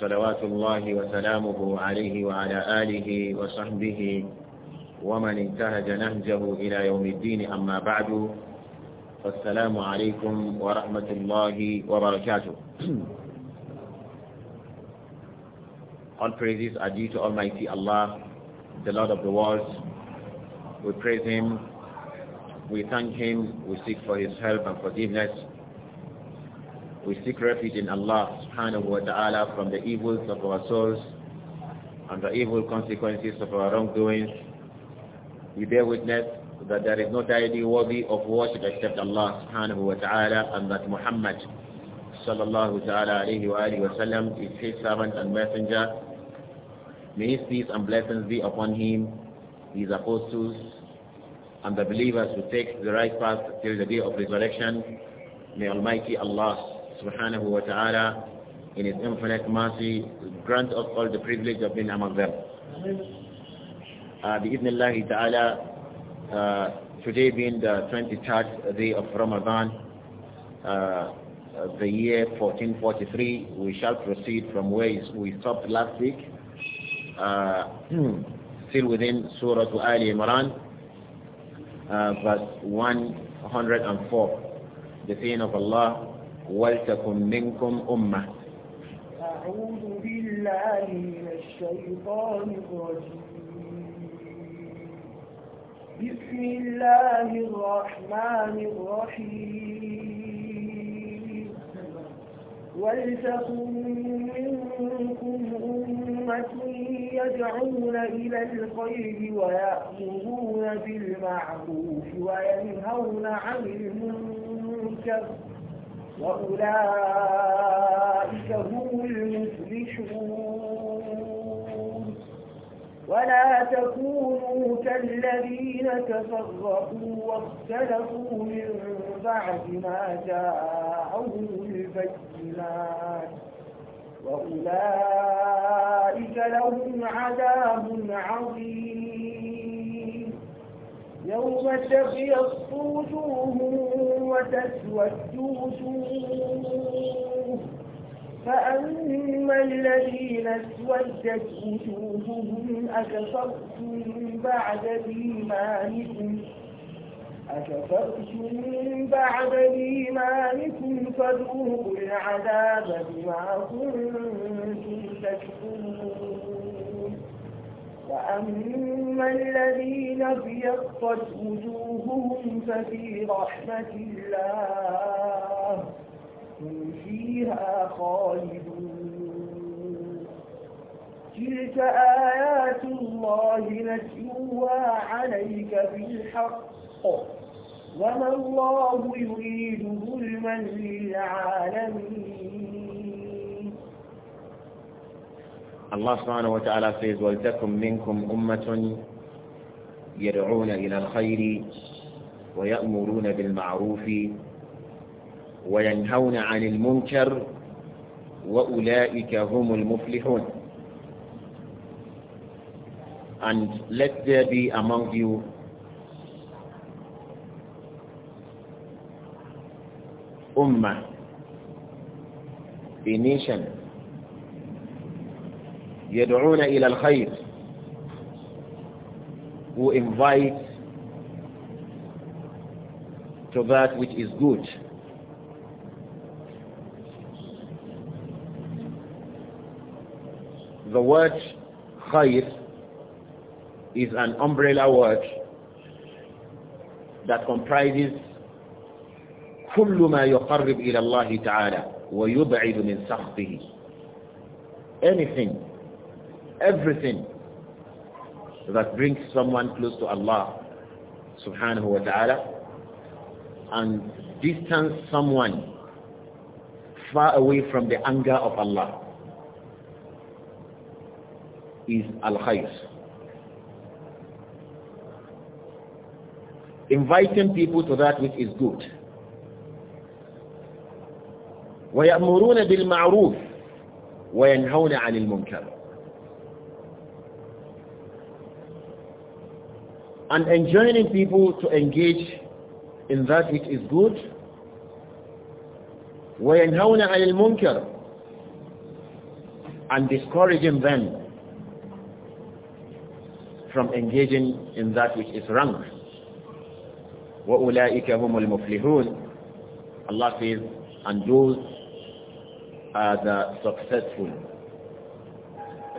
صلوات الله وسلامه عليه وعلى آله وصحبه ومن انتهج نهجه إلى يوم الدين أما بعد فالسلام عليكم ورحمة الله وبركاته All praises are due to Almighty Allah, the Lord of the worlds. We praise Him, we thank Him, we seek for His help and forgiveness. We seek refuge in Allah subhanahu wa ta'ala from the evils of our souls and the evil consequences of our wrongdoings. We bear witness that there is no deity worthy of worship except Allah subhanahu wa ta'ala and that Muhammad sallallahu ta'ala alayhi wa alayhi wa sallam is his servant and messenger. May his peace and blessings be upon him, his apostles, and the believers who take the right path till the day of resurrection. May Almighty Allah subhanahu wa ta'ala in His infinite mercy grant us all the privilege of being among them. Uh, بإذن ta'ala, uh, today being the 23rd day of Ramadan, uh, the year 1443, we shall proceed from where we stopped last week, uh, still within Surah Al Imran, uh, verse 104. The saying of Allah, ولتكن منكم أمة أعوذ بالله من الشيطان الرجيم بسم الله الرحمن الرحيم ولتكن منكم أمة يدعون إلى الخير ويأمرون بالمعروف وينهون عن المنكر وأولئك هم المفلحون ولا تكونوا كالذين تفرقوا واختلفوا من بعد ما جاءهم البينات وأولئك لهم عذاب عظيم يوم تبيض وجوه وتسود وجوه فأما الذين اسودت وجوههم أكفرتم بعد إيمانكم أكفرتم بعد إيمانكم فذوقوا العذاب بما كنتم تكفرون وأما الذين ابيضت وجوههم ففي رحمة الله هم فيها خالدون تلك آيات الله نتلوها عليك بالحق وما الله يريد ظلما للعالمين Allah سبحانه وتعالى فيز says, وَلْتَكُمْ مِنْكُمْ أُمَّةٌ يَدْعُونَ إِلَى الْخَيْرِ وَيَأْمُرُونَ بِالْمَعْرُوفِ وَيَنْهَوْنَ عَنِ الْمُنْكَرِ وَأُولَئِكَ هُمُ الْمُفْلِحُونَ And let there be among you ummah, a nation يدعون إلى الخير who invite to that which is good the word خير is an umbrella word that comprises كل ما يقرب إلى الله تعالى ويبعد من سخطه anything everything that brings someone close to Allah subhanahu wa ta'ala and distance someone far away from the anger of Allah is al-khayr. Inviting people to that which is good. وَيَأْمُرُونَ بِالْمَعْرُوفِ وَيَنْهَوْنَ عَنِ الْمُنْكَرِ and enjoining people to engage in that which is good وينهون عن المنكر and discouraging them from engaging in that which is wrong وأولئك هم المفلحون Allah says and those are the successful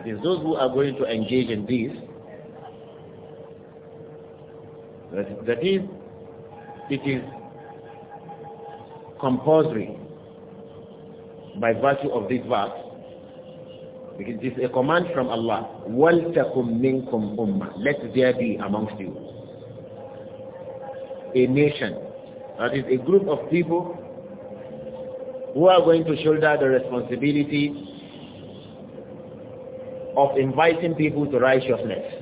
it is those who are going to engage in this that, that is, it is compulsory by virtue of this verse. Because it is a command from Allah. وَلْتَكُمْ مِنْكُمْ أُمَّةً Let there be amongst you a nation. That is a group of people who are going to shoulder the responsibility of inviting people to righteousness.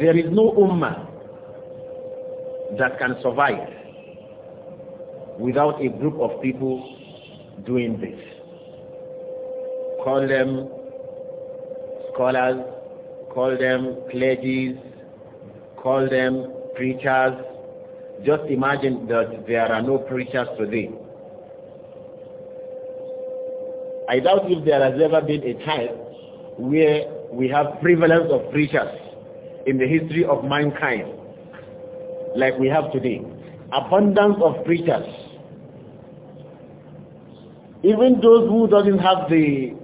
There is no ummah that can survive without a group of people doing this. Call them scholars, call them clergies, call them preachers. Just imagine that there are no preachers today. I doubt if there has ever been a time where we have prevalence of preachers in the history of mankind like we have today. Abundance of preachers. Even those who doesn't have the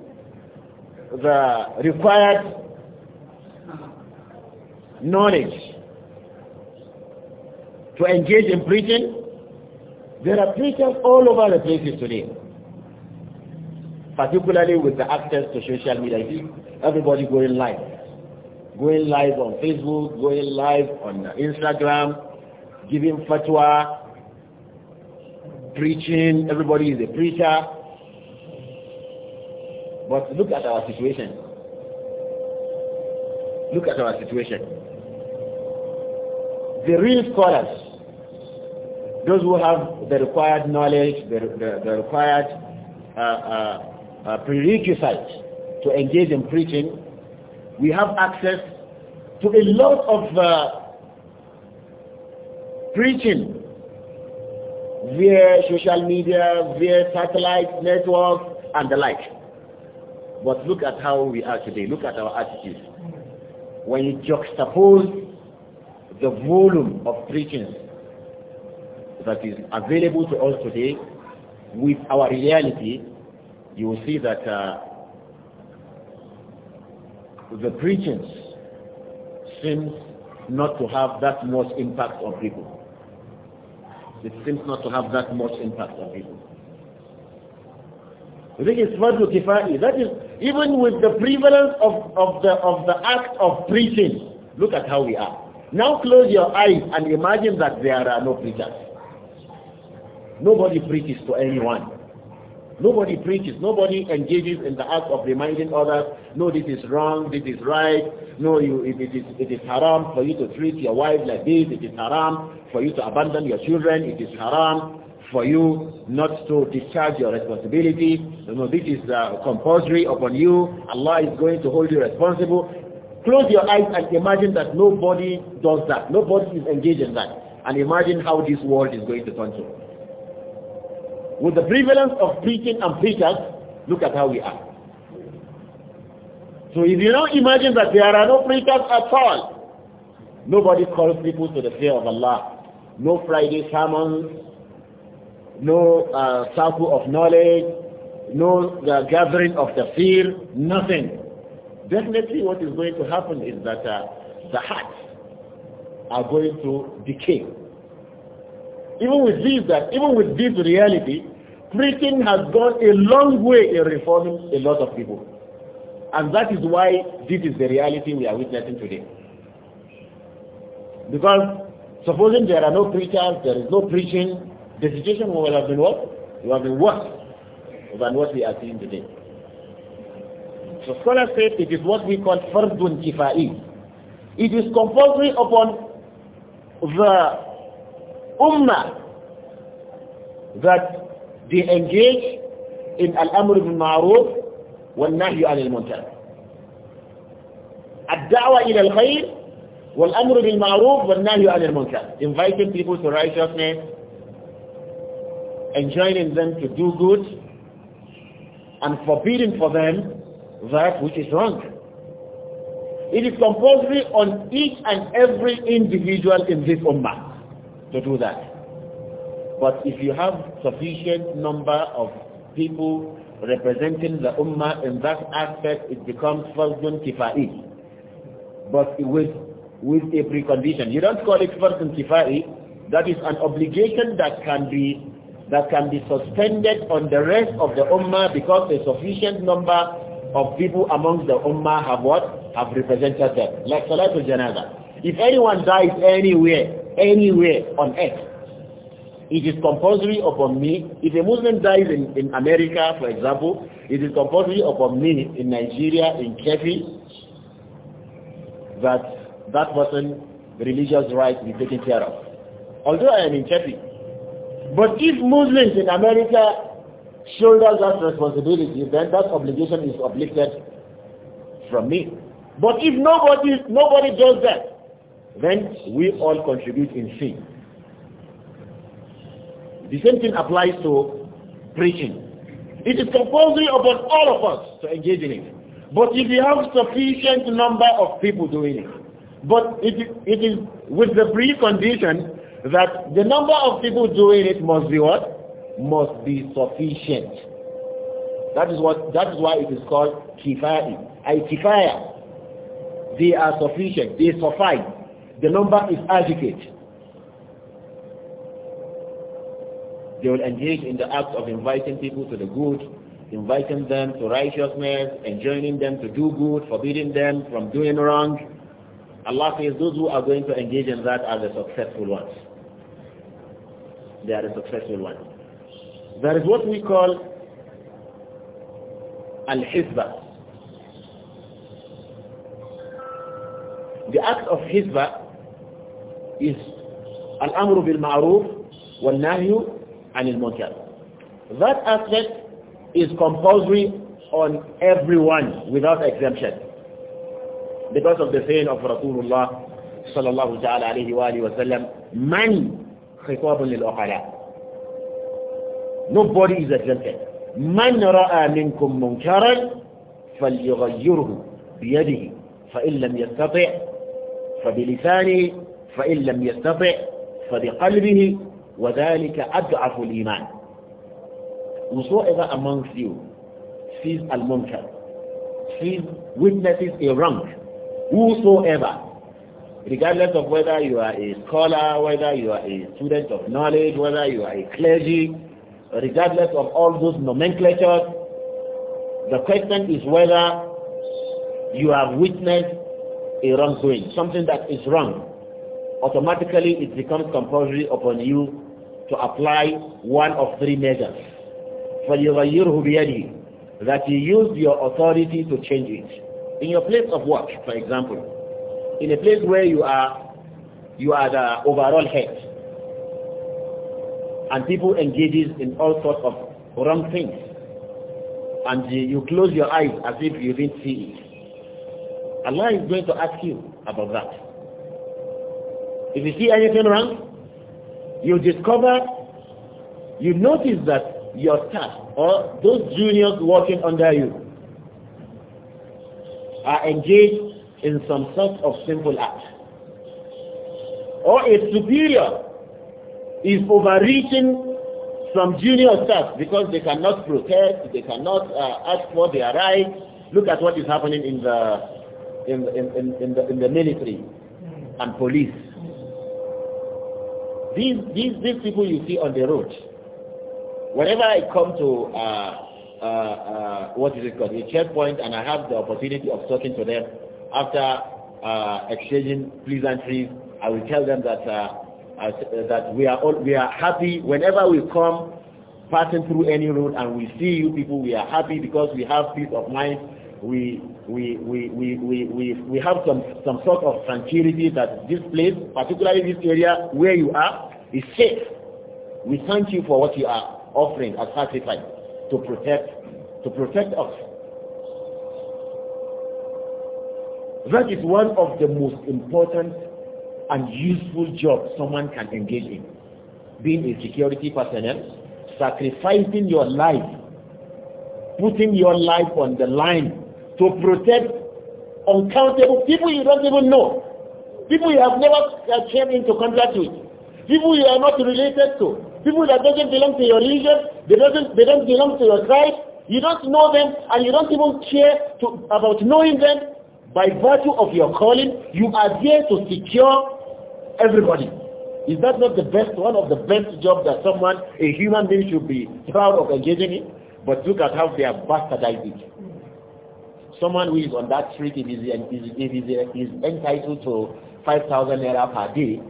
the required knowledge to engage in preaching, there are preachers all over the places today. Particularly with the access to social media. Everybody going live going live on Facebook, going live on Instagram, giving fatwa, preaching, everybody is a preacher. But look at our situation. Look at our situation. The real scholars, those who have the required knowledge, the, the, the required uh, uh, uh, prerequisites to engage in preaching, we have access to a lot of uh, preaching via social media, via satellite networks and the like. But look at how we are today. Look at our attitudes. When you juxtapose the volume of preaching that is available to us today with our reality, you will see that uh, the preachings seems not to have that much impact on people. It seems not to have that much impact on people. I think it's Fardu Kifai. That is, even with the prevalence of, of, the, of the act of preaching, look at how we are. Now close your eyes and imagine that there are no preachers. Nobody preaches to anyone. Nobody preaches. Nobody engages in the act of reminding others, no, this is wrong, this is right. No, you, it, it, is, it is haram for you to treat your wife like this. It is haram for you to abandon your children. It is haram for you not to discharge your responsibility. You know, this is uh, compulsory upon you. Allah is going to hold you responsible. Close your eyes and imagine that nobody does that. Nobody is engaged in that. And imagine how this world is going to function with the prevalence of preaching and preachers, look at how we are. So if you now imagine that there are no preachers at all, nobody calls people to the fear of Allah. No Friday sermons, no uh, circle of knowledge, no uh, gathering of the fear, nothing. Definitely what is going to happen is that uh, the hearts are going to decay even with this, that even with this reality, preaching has gone a long way in reforming a lot of people. And that is why this is the reality we are witnessing today. Because supposing there are no preachers, there is no preaching, the situation would have been what? would have been worse than what we are seeing today. So scholars say it is what we call fardun It is compulsory upon the ummah that they engage in al-amr bil ma'ruf al عن المنكر الدعوة إلى الخير والأمر بالمعروف والنهي al-Munkar, inviting people to righteousness enjoining them to do good and forbidding for them that which is wrong it is compulsory on each and every individual in this ummah to do that. But if you have sufficient number of people representing the ummah in that aspect, it becomes fardun kifa'i. But with, with a precondition. You don't call it fardun kifa'i. That is an obligation that can be that can be suspended on the rest of the ummah because a sufficient number of people among the ummah have what? Have represented them. Like Salatul Janaza. If anyone dies anywhere, anywhere on earth. It is compulsory upon me. If a Muslim dies in, in America, for example, it is compulsory upon me in Nigeria, in Kefi, that that person religious rights be taken care of. Although I am in Kefi. But if Muslims in America shoulder that responsibility, then that obligation is obligated from me. But if nobody nobody does that, then we all contribute in sin. The same thing applies to preaching. It is compulsory upon all of us to engage in it. But if you have sufficient number of people doing it, but it, it is with the precondition that the number of people doing it must be what? Must be sufficient. That is what that is why it is called kifaya. Ay kifaya. They are sufficient. They suffice the number is adequate. They will engage in the act of inviting people to the good, inviting them to righteousness, enjoining them to do good, forbidding them from doing wrong. Allah says those who are going to engage in that are the successful ones. They are the successful ones. There is what we call Al-Hizbah. The act of Hizbah is al-amru bil ma'ruf wal munkar. That aspect is compulsory on everyone without exemption because of the saying of Rasulullah sallallahu ta'ala alayhi wa alihi wa sallam man khitabun lil nobody is exempted من راى منكم منكرا فليغيره بيده فان لم يستطع فبلسانه فإن لم يستطع فبقلبه وذلك أضعف الإيمان whosoever amongst you sees a munkar sees witnesses a wrong whosoever regardless of whether you are a scholar whether you are a student of knowledge whether you are a clergy regardless of all those nomenclatures the question is whether you have witnessed a wrongdoing something that is wrong automatically it becomes compulsory upon you to apply one of three measures. فَلْيُغَيِّرْهُ بِيَدِهِ That you use your authority to change it. In your place of work, for example, in a place where you are, you are the overall head, and people engage in all sorts of wrong things, and you close your eyes as if you didn't see it, Allah is going to ask you about that. If you see anything wrong, you discover, you notice that your staff or those juniors working under you are engaged in some sort of simple act. Or a superior is overreaching some junior staff because they cannot protest, they cannot uh, ask for their rights. Look at what is happening in the in in in, in the in the military and police. These, these, these people you see on the road, whenever I come to uh, uh, uh, what is it called, a checkpoint, and I have the opportunity of talking to them after uh, exchanging pleasantries, I will tell them that uh, uh, that we are all, we are happy whenever we come passing through any road and we see you people, we are happy because we have peace of mind we we we we we we, have some some sort of tranquility that this place, particularly this area where you are, is safe. We thank you for what you are offering as sacrifice to protect to protect us. That is one of the most important and useful jobs someone can engage in. Being a security personnel, sacrificing your life, putting your life on the line to protect uncountable people you don't even know, people you have never uh, came into contact with, people you are not related to, people that doesn't belong to your religion, they doesn't they don't belong to your tribe. You don't know them and you don't even care to, about knowing them. By virtue of your calling, you are there to secure everybody. Is that not the best, one of the best jobs that someone, a human being should be proud of engaging in? But look at how they have bastardized it. Someone who is on that street, is is if he's, is entitled to 5,000 naira per day,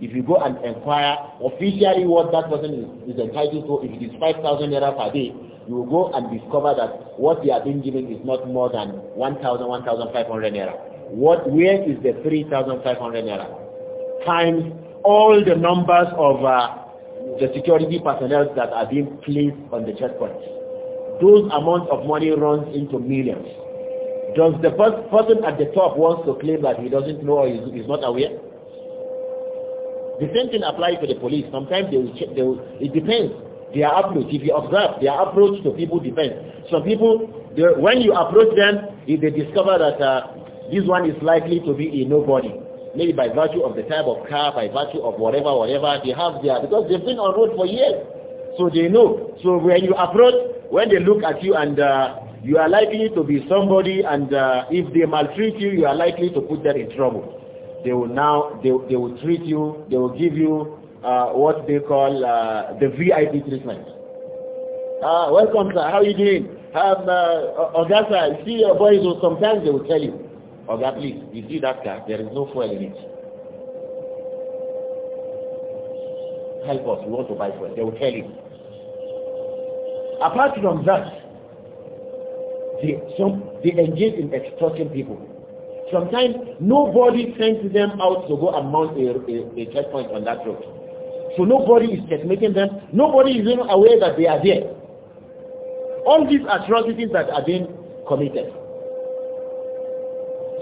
if you go and inquire officially what that person is, is entitled to, if it is 5,000 naira per day, you will go and discover that what they are being given is not more than 1,000, 1,500 naira. What, where is the 3,500 naira? Times all the numbers of uh, the security personnel that are being placed on the checkpoints those amounts of money runs into millions. Does the person at the top wants to claim that he doesn't know or is not aware? The same thing applies to the police. Sometimes they will, check, they will, it depends. Their approach, if you observe, their approach to people depends. Some people, when you approach them, if they discover that uh, this one is likely to be a nobody, maybe by virtue of the type of car, by virtue of whatever, whatever they have there, because they've been on road for years. So they know. So when you approach, when they look at you and uh, you are likely to be somebody and uh, if they maltreat you, you are likely to put them in trouble. They will now, they, they will treat you, they will give you uh, what they call uh, the VIP treatment. Ah, welcome sir, how are you doing? Um, uh, Oga sir, see your boys will sometimes they will tell you, Oga please, you see that car, there is no fuel in it. help us, we want to buy fuel. They will tell you. Apart from that, they, some, they engage in extorting people. Sometimes nobody sends them out to go and mount a, a, a checkpoint on that road. So nobody is making them. Nobody is even aware that they are there. All these atrocities that are being committed.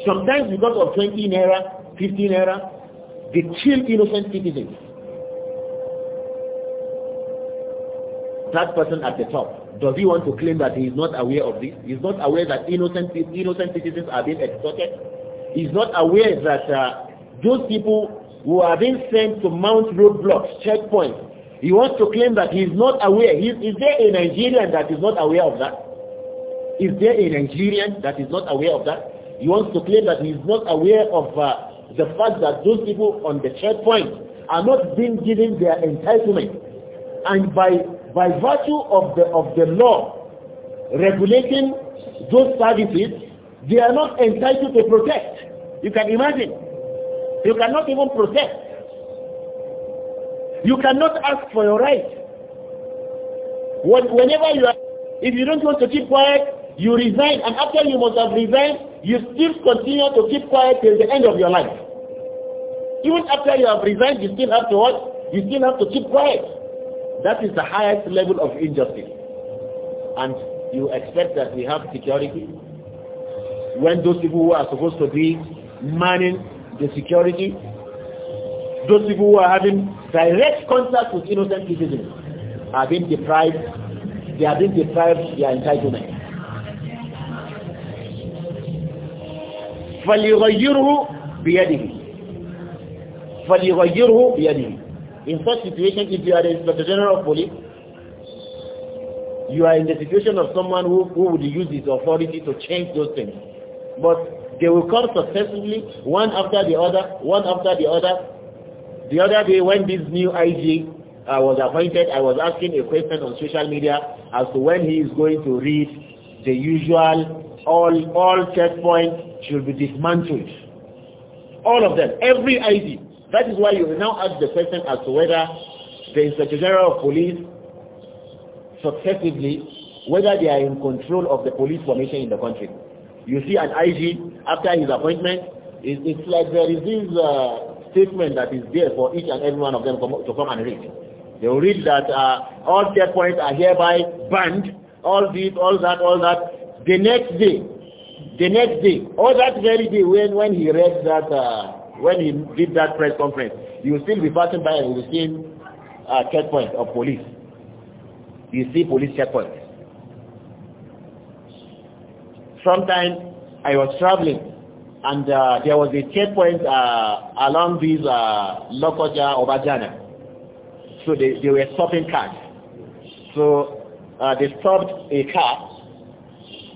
Sometimes because of 20 naira, 15 naira, they kill innocent citizens. That person at the top, does he want to claim that he is not aware of this? He's not aware that innocent, innocent citizens are being extorted? He's not aware that uh, those people who are being sent to mount roadblocks, checkpoints, he wants to claim that he is not aware. He, is there a Nigerian that is not aware of that? Is there a Nigerian that is not aware of that? He wants to claim that he is not aware of uh, the fact that those people on the checkpoint are not being given their entitlement. And by by virtue of the, of the law regulating those services, they are not entitled to protest. You can imagine. You cannot even protest. You cannot ask for your right. When, whenever you are, if you don't want to keep quiet, you resign, and after you must have resigned, you still continue to keep quiet till the end of your life. Even after you have resigned, you still have to what? You still have to keep quiet. That is the highest level of injustice. And you expect that we have security when those people who are supposed to be manning the security, those people who are having direct contact with innocent citizens are being deprived, they are being deprived their entitlement. بِيَدِهِ بِيَدِهِ in such situation, if you are the Inspector General of Police, you are in the situation of someone who, who would use his authority to change those things. But they will come successively, one after the other, one after the other. The other day when this new IG uh, was appointed, I was asking a question on social media as to when he is going to read the usual, all, all checkpoints should be dismantled. All of them, every ID. That is why you now ask the question as to whether the Inspector General of Police successively, whether they are in control of the police formation in the country. You see an IG after his appointment, it, it's like there is this uh, statement that is there for each and every one of them to come and read. They will read that uh, all checkpoints are hereby banned, all this, all that, all that. The next day, the next day, or that very day when, when he read that uh, when he did that press conference, you will still be passing by and you will see uh, checkpoint of police. You see police checkpoints. Sometimes I was traveling and uh, there was a checkpoint uh, along this uh, Lokoja Obajana. So they, they were stopping cars. So uh, they stopped a car,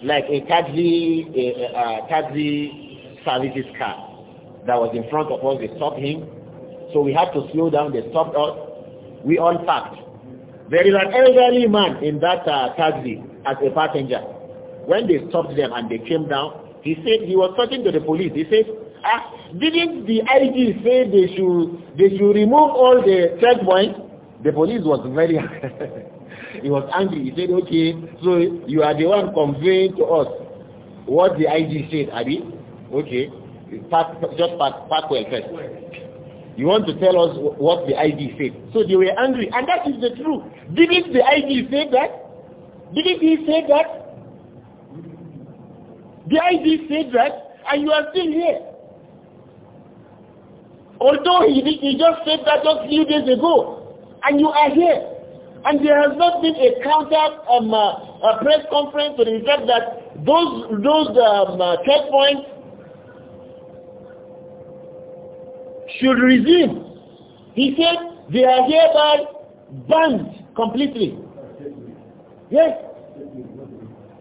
like a taxi, a, a, a taxi services car that was in front of us, they stopped him. So we had to slow down, they stopped us. We all packed. There is an elderly man in that uh, taxi as a passenger. When they stopped them and they came down, he said, he was talking to the police, he said, ah, didn't the IG say they should, they should remove all the checkpoints? The police was very, he was angry. He said, okay, so you are the one conveying to us what the IG said, Abi. Okay. Park, just Park, Parkwell first. You want to tell us what the ID said. So they were angry. And that is the truth. Didn't the ID say that? Didn't he say that? The ID said that, and you are still here. Although he, he just said that just few days ago, and you are here. And there has not been a counter um, uh, a press conference to the fact that those those um, uh, checkpoints should resume. He said they are hereby banned completely. Yes.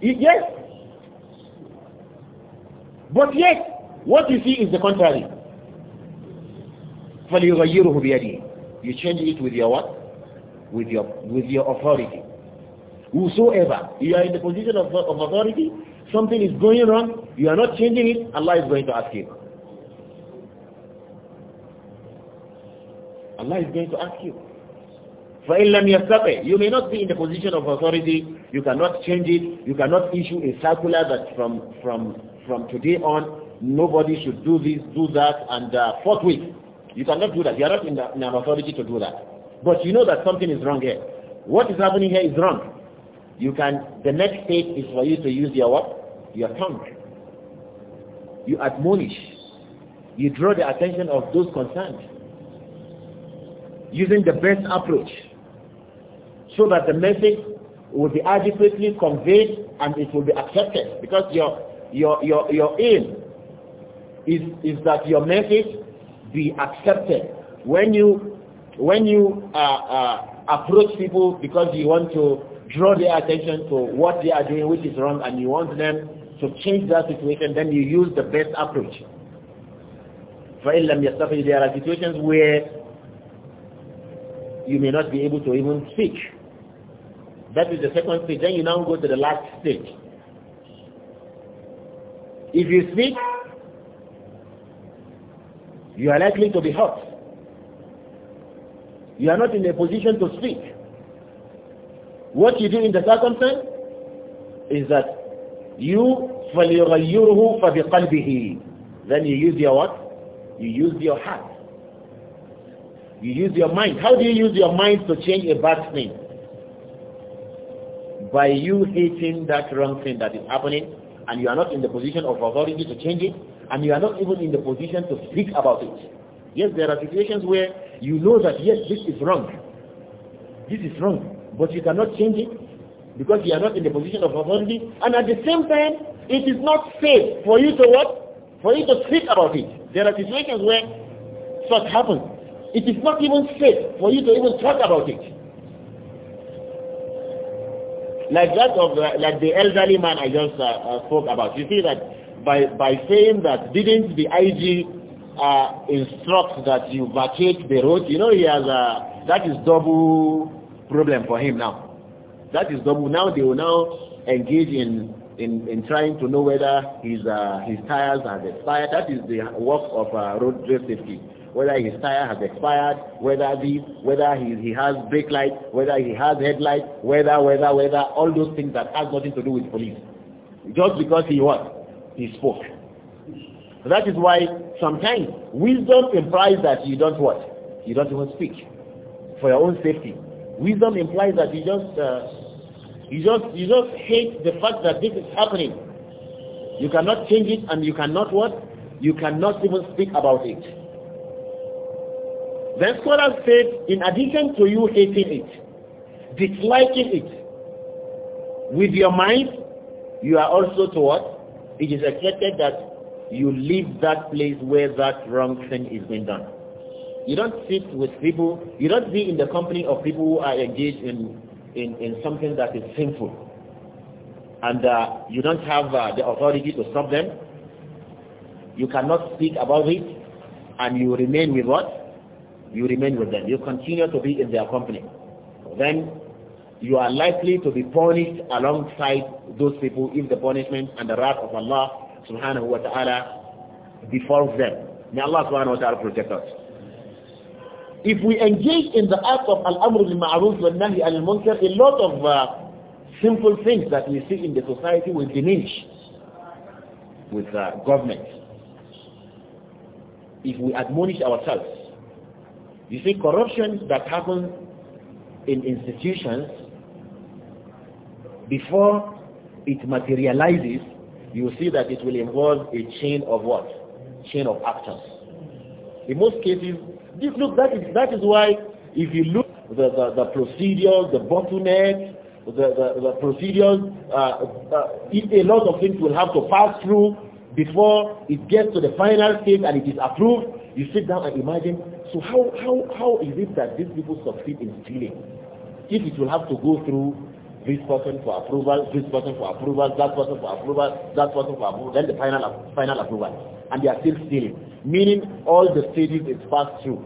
Yes. But yet, what you see is the contrary. فَلْيُغَيِّرُهُ بِيَدِهِ You change it with your what? With your, with your authority. Whosoever, you are in the position of, of authority, something is going wrong, you are not changing it, Allah is going to ask you. Allah is going to ask you. فَإِنْ لَمْ يَسْتَطِعْ You may not be in the position of authority. You cannot change it. You cannot issue a circular that from, from, from today on, nobody should do this, do that, and uh, forthwith. You cannot do that. You are not in, the, in an authority to do that. But you know that something is wrong here. What is happening here is wrong. You can, the next stage is for you to use your what? Your tongue. You admonish. You draw the attention of those concerned using the best approach so that the message will be adequately conveyed and it will be accepted because your your your your aim is is that your message be accepted when you when you uh, uh, approach people because you want to draw their attention to what they are doing which is wrong and you want them to change that situation then you use the best approach فإن لم يستطيع there are situations where you may not be able to even speak. That is the second stage. Then you now go to the last stage. If you speak, you are likely to be hurt. You are not in a position to speak. What you do in the circumstance is that you فَلِيُغَيِّرُهُ فَبِقَلْبِهِ Then you use your what? You use your heart. You use your mind. How do you use your mind to change a bad thing? By you hating that wrong thing that is happening and you are not in the position of authority to change it and you are not even in the position to speak about it. Yes, there are situations where you know that yes, this is wrong. This is wrong. But you cannot change it because you are not in the position of authority and at the same time it is not safe for you to what? For you to speak about it. There are situations where such happens it is not even safe for you to even talk about it. Like that of the, like the elderly man I just uh, uh, spoke about. You see that by, by saying that didn't the IG uh, instruct that you vacate the road, you know he has a, uh, that is double problem for him now. That is double. Now they will now engage in in, in trying to know whether his uh, his tires have expired. That is the work of uh, road safety whether his tire has expired, whether this, whether he, he has brake light, whether he has headlight, whether, whether, whether, all those things that has nothing to do with police. Just because he what? He spoke. that is why sometimes wisdom implies that you don't what? You don't even speak for your own safety. Wisdom implies that you just uh, you just you just hate the fact that this is happening. You cannot change it and you cannot what? You cannot even speak about it. Then scholars said, in addition to you hating it, disliking it, with your mind, you are also to what? It is expected that you leave that place where that wrong thing is being done. You don't sit with people, you don't be in the company of people who are engaged in, in, in something that is sinful. And uh, you don't have uh, the authority to stop them. You cannot speak about it and you remain with what? you remain with them. You continue to be in their company. Then you are likely to be punished alongside those people if the punishment and the wrath of Allah subhanahu wa ta'ala befalls them. May Allah subhanahu wa ta'ala protect us. If we engage in the act of al-amr al-ma'ruf nahi al-munkar, a lot of uh, simple things that we see in the society will diminish with uh, government. If we admonish ourselves you see, corruption that happens in institutions, before it materializes, you see that it will involve a chain of what? Chain of actors. In most cases, this, look, that is, that is why if you look the, the, the procedures, the bottlenecks, the, the, the procedures, uh, uh, a lot of things will have to pass through before it gets to the final stage and it is approved. You sit down and imagine so how, how, how is it that these people succeed in stealing? If it will have to go through this person for approval, this person for approval, that person for approval, that person for approval, then the final, final approval. And they are still stealing. Meaning all the stages is passed through.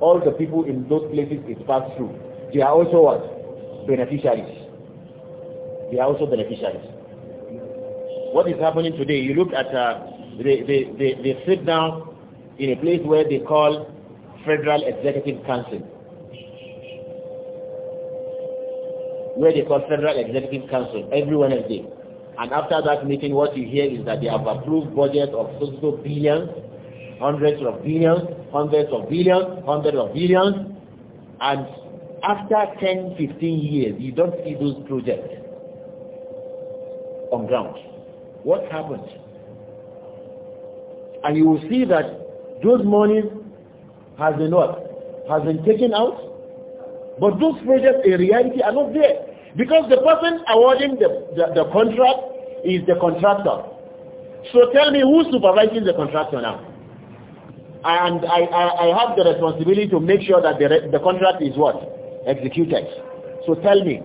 All the people in those places is passed through. They are also what? Beneficiaries. They are also beneficiaries. What is happening today, you look at, uh, they, they, they, they sit down in a place where they call Federal Executive Council, where they call Federal Executive Council every Wednesday. And after that meeting, what you hear is that they have approved budget of so billions, hundreds of billions, hundreds of billions, hundreds of billions. And after 10, 15 years, you don't see those projects on ground. What happened? And you will see that those monies has been what? Has been taken out. But those projects in reality are not there. Because the person awarding the, the, the contract is the contractor. So tell me who's supervising the contractor now? And I, I, I have the responsibility to make sure that the, the contract is what? Executed. So tell me,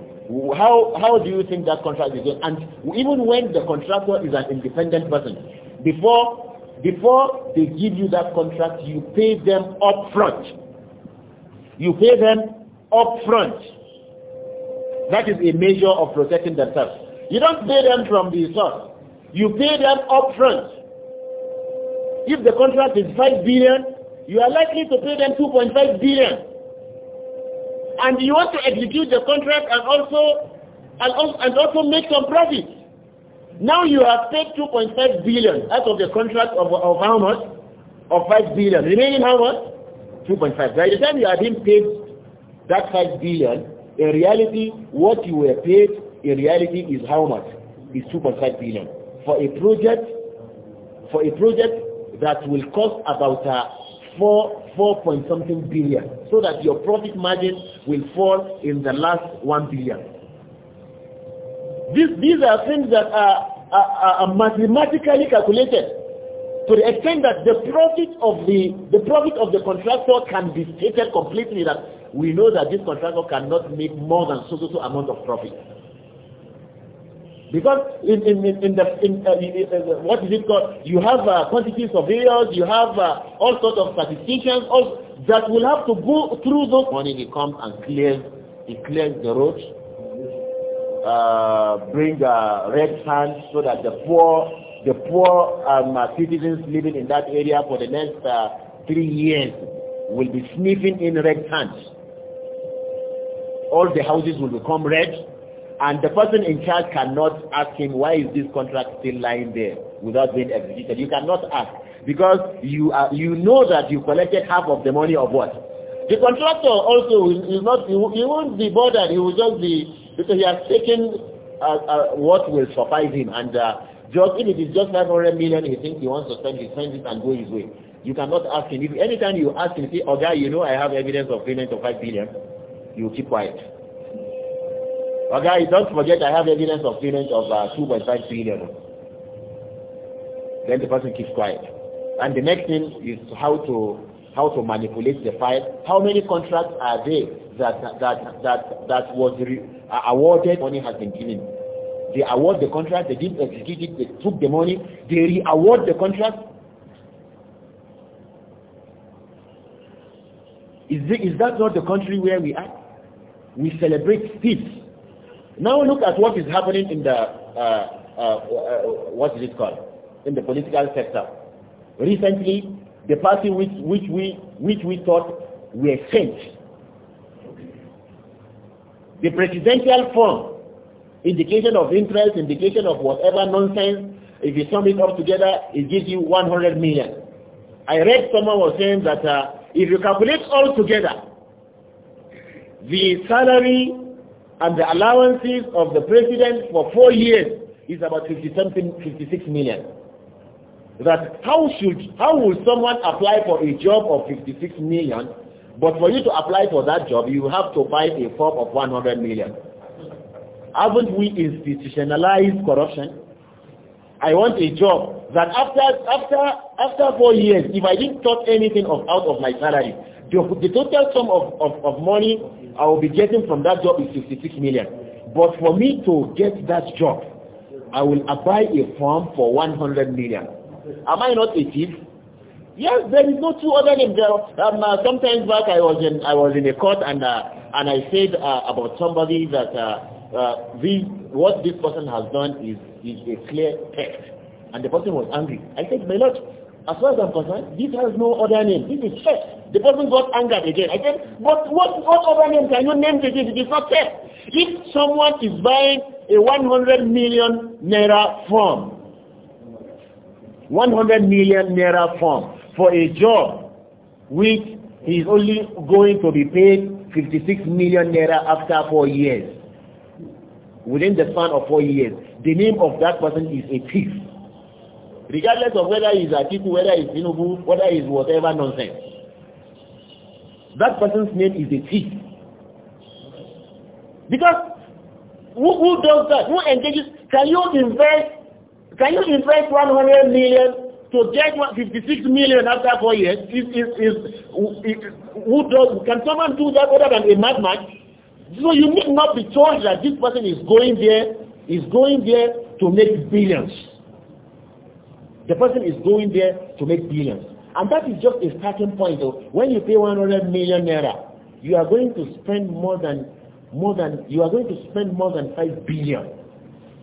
how, how do you think that contract is going? And even when the contractor is an independent person, before, before they give you that contract, you pay them up front. You pay them up front. That is a measure of protecting themselves. You don't pay them from the source. You pay them up front. If the contract is 5 billion, you are likely to pay them 2.5 billion. And you want to execute the contract and also and also, and also make some profit. Now you have paid 2.5 billion out of the contract of, of how much? Of 5 billion. Remaining how much? 2.5. By the time you have been paid that 5 billion, in reality, what you were paid in reality is how much? Is 2.5 billion. For a project, for a project that will cost about a uh, 4, 4 point something billion. So that your profit margin will fall in the last 1 billion. These, these are things that are, are, are mathematically calculated to the extent that the profit of the, the profit of the contractor can be stated completely that we know that this contractor cannot make more than so so so amount of profit. Because in, in, in, in the, in, uh, in uh, what is it called? You have uh, quantity surveyors, you have uh, all sorts of statisticians all, that will have to go through those. Money he comes and clears, he clears the roads, uh, bring uh, red hand so that the poor, the poor um, uh, citizens living in that area for the next uh, three years will be sniffing in red hands. All the houses will become red, and the person in charge cannot ask him why is this contract still lying there without being executed. You cannot ask because you are, you know that you collected half of the money of what. The contractor also is not he won't be bothered. He will just be because he has taken uh, uh, what will suffice him. And uh, just if it is just 500 million, he thinks he wants to spend, he spends it and go his way. You cannot ask him. If anytime you ask him, say, oh guy, you know I have evidence of payment of 5 billion, you keep quiet. Oh guy, don't forget I have evidence of payment of uh, 2.5 billion. Then the person keeps quiet. And the next thing is how to how to manipulate the file, how many contracts are there that that that that was uh, awarded, money has been given. They award the contract, they didn't execute it, they took the money, they re-award the contract. Is, the, is that not the country where we are? We celebrate peace. Now look at what is happening in the, uh, uh, uh, what is it called? In the political sector. Recently, the party which, which, we, which we thought were sent. The presidential form, indication of interest, indication of whatever nonsense, if you sum it up together, it gives you 100 million. I read someone was saying that uh, if you calculate all together, the salary and the allowances of the president for four years is about 50 something, 56 million that how should how will someone apply for a job of 56 million but for you to apply for that job you have to buy a form of 100 million haven't we institutionalized corruption i want a job that after after after four years if i didn't touch anything of out of my salary the, the total sum of, of, of money i will be getting from that job is 56 million but for me to get that job i will apply a form for 100 million Am I not a thief? Yes, there is no two other names. There, um, uh, sometimes back I was in I was in a court and uh, and I said uh, about somebody that uh, uh, this, what this person has done is is a clear theft, and the person was angry. I said, my lord, as far as I'm concerned, this has no other name. This is theft. The person got angered again. I said, but what what other name can you name this? It is not theft. If someone is buying a 100 million naira form 100 million naira form for a job which he is only going to be paid 56 million naira after four years. Within the span of four years, the name of that person is a thief. Regardless of whether he's a thief, whether he's Tinubu, whether he's whatever nonsense. That person's name is a thief. Because who, who does that? Who engages? Can you invest Can you invest 100 million to get 56 million after four years? Is, is, is, is, who does, can someone do that other than a madman? So you need not be told that this person is going there, is going there to make billions. The person is going there to make billions. And that is just a starting point. Of when you pay 100 million naira, you are going to spend more than, more than, you are going to spend more than 5 billion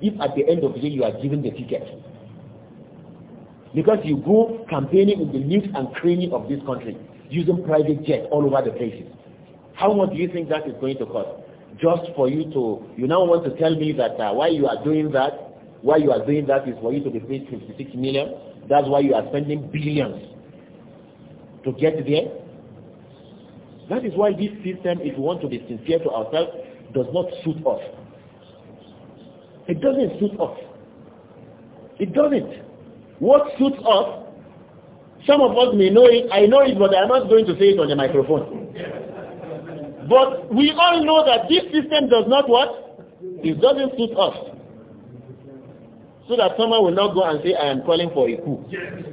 if at the end of the day you are given the ticket. Because you go campaigning in the nooks and training of this country, using private jets all over the places. How much do you think that is going to cost? Just for you to, you now want to tell me that uh, why you are doing that, why you are doing that is for you to be paid 56 million. That's why you are spending billions to get there. That is why this system, if we want to be sincere to ourselves, does not suit us. It doesn't suit us. It doesn't. What suits us, some of us may know it, I know it, but I'm not going to say it on the microphone. But we all know that this system does not what? It doesn't suit us. So that someone will not go and say, I am calling for a coup.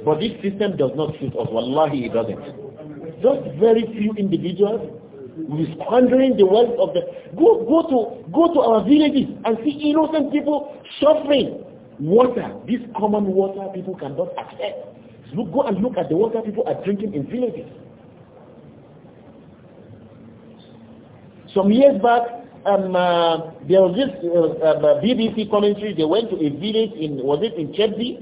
But this system does not suit us. Wallahi, it doesn't. Just very few individuals we're squandering the wealth of the... Go, go, to, go to our villages and see innocent people suffering. Water, this common water people cannot access. Look, go and look at the water people are drinking in villages. Some years back, um, uh, there was this uh, um, uh, BBC commentary. They went to a village in was it in Chelsea,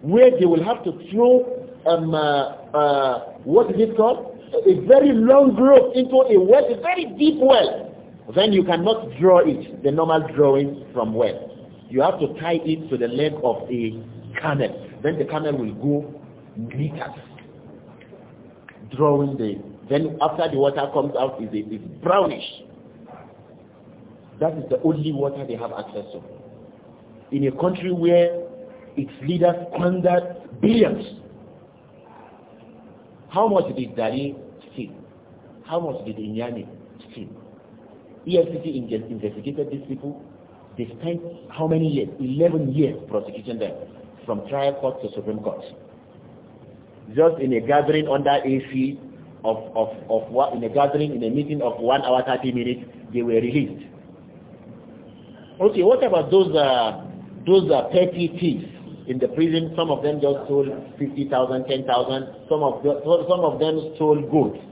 where they will have to throw um, uh, uh, what is it called? a very long rope into a well, a very deep well, then you cannot draw it, the normal drawing from well. You have to tie it to the leg of a camel. Then the camel will go meters, drawing the, then after the water comes out, is brownish. That is the only water they have access to. In a country where its leaders squandered billions how much did Dali steal? How much did Inyani steal? EFCC investigated these people. They spent how many years? 11 years prosecuting them from trial court to Supreme Court. Just in a gathering under AC of, of, of what, in a gathering, in a meeting of 1 hour 30 minutes, they were released. Okay, what about those, uh, those uh, petty thieves in the prison, some of them just stole 50,000, 10,000. Some of, the, some of them stole goods.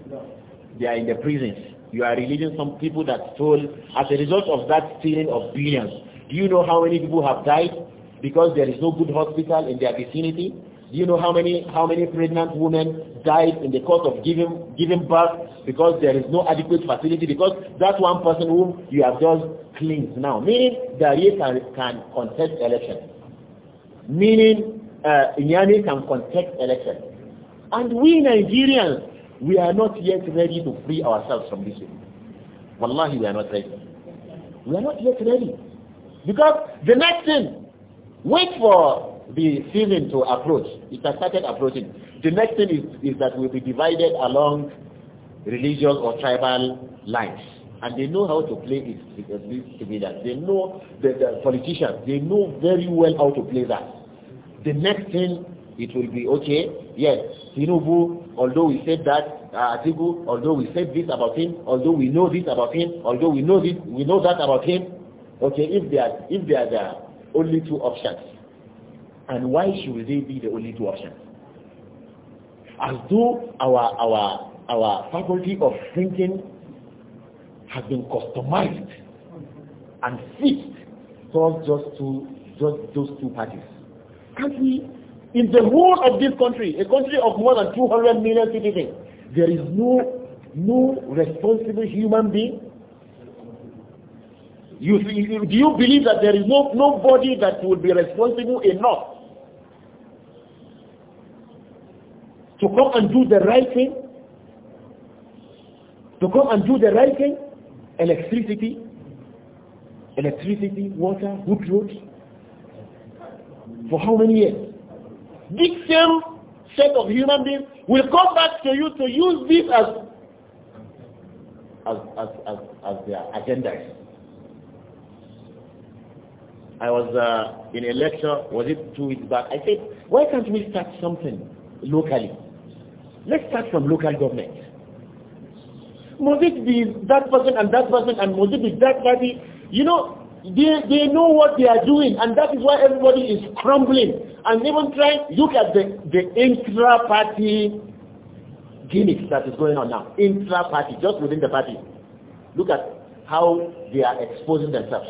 They are in the prisons. You are releasing some people that stole. As a result of that stealing of billions, do you know how many people have died because there is no good hospital in their vicinity? Do you know how many, how many pregnant women died in the course of giving, giving birth because there is no adequate facility? Because that one person whom you have just cleansed now. Meaning, Daria can, can contest election meaning uh, Inyame can contest election. And we Nigerians, we are not yet ready to free ourselves from this. Wallahi, we are not ready. We are not yet ready. Because the next thing, wait for the season to approach. It has started approaching. The next thing is, is that we'll be divided along religious or tribal lines and they know how to play it together. They know the, the politicians, they know very well how to play that. The next thing, it will be, okay, yes, Tinubu, although we said that, uh, although we said this about him, although we know this about him, although we know this, we know that about him, okay, if they are, if there are the only two options, and why should they be the only two options? As though our, our, our faculty of thinking has been customized and fit for just two, just those two parties. Can't we, in the whole of this country, a country of more than 200 million citizens, there is no, no responsible human being? you, do you believe that there is no, nobody that would be responsible enough to come and do the right thing? To come and do the right thing? electricity, electricity, water, good roads. For how many years? This same set of human beings will come back to you to use this as as as as, as their agenda. I was uh, in a lecture, was it two weeks back? I said, why can't we start something locally? Let's start from local government. Mozit is that person and that person and Mozit is that party. You know, they, they know what they are doing and that is why everybody is crumbling. And even try look at the, the intra-party gimmicks that is going on now. Intra-party, just within the party. Look at how they are exposing themselves.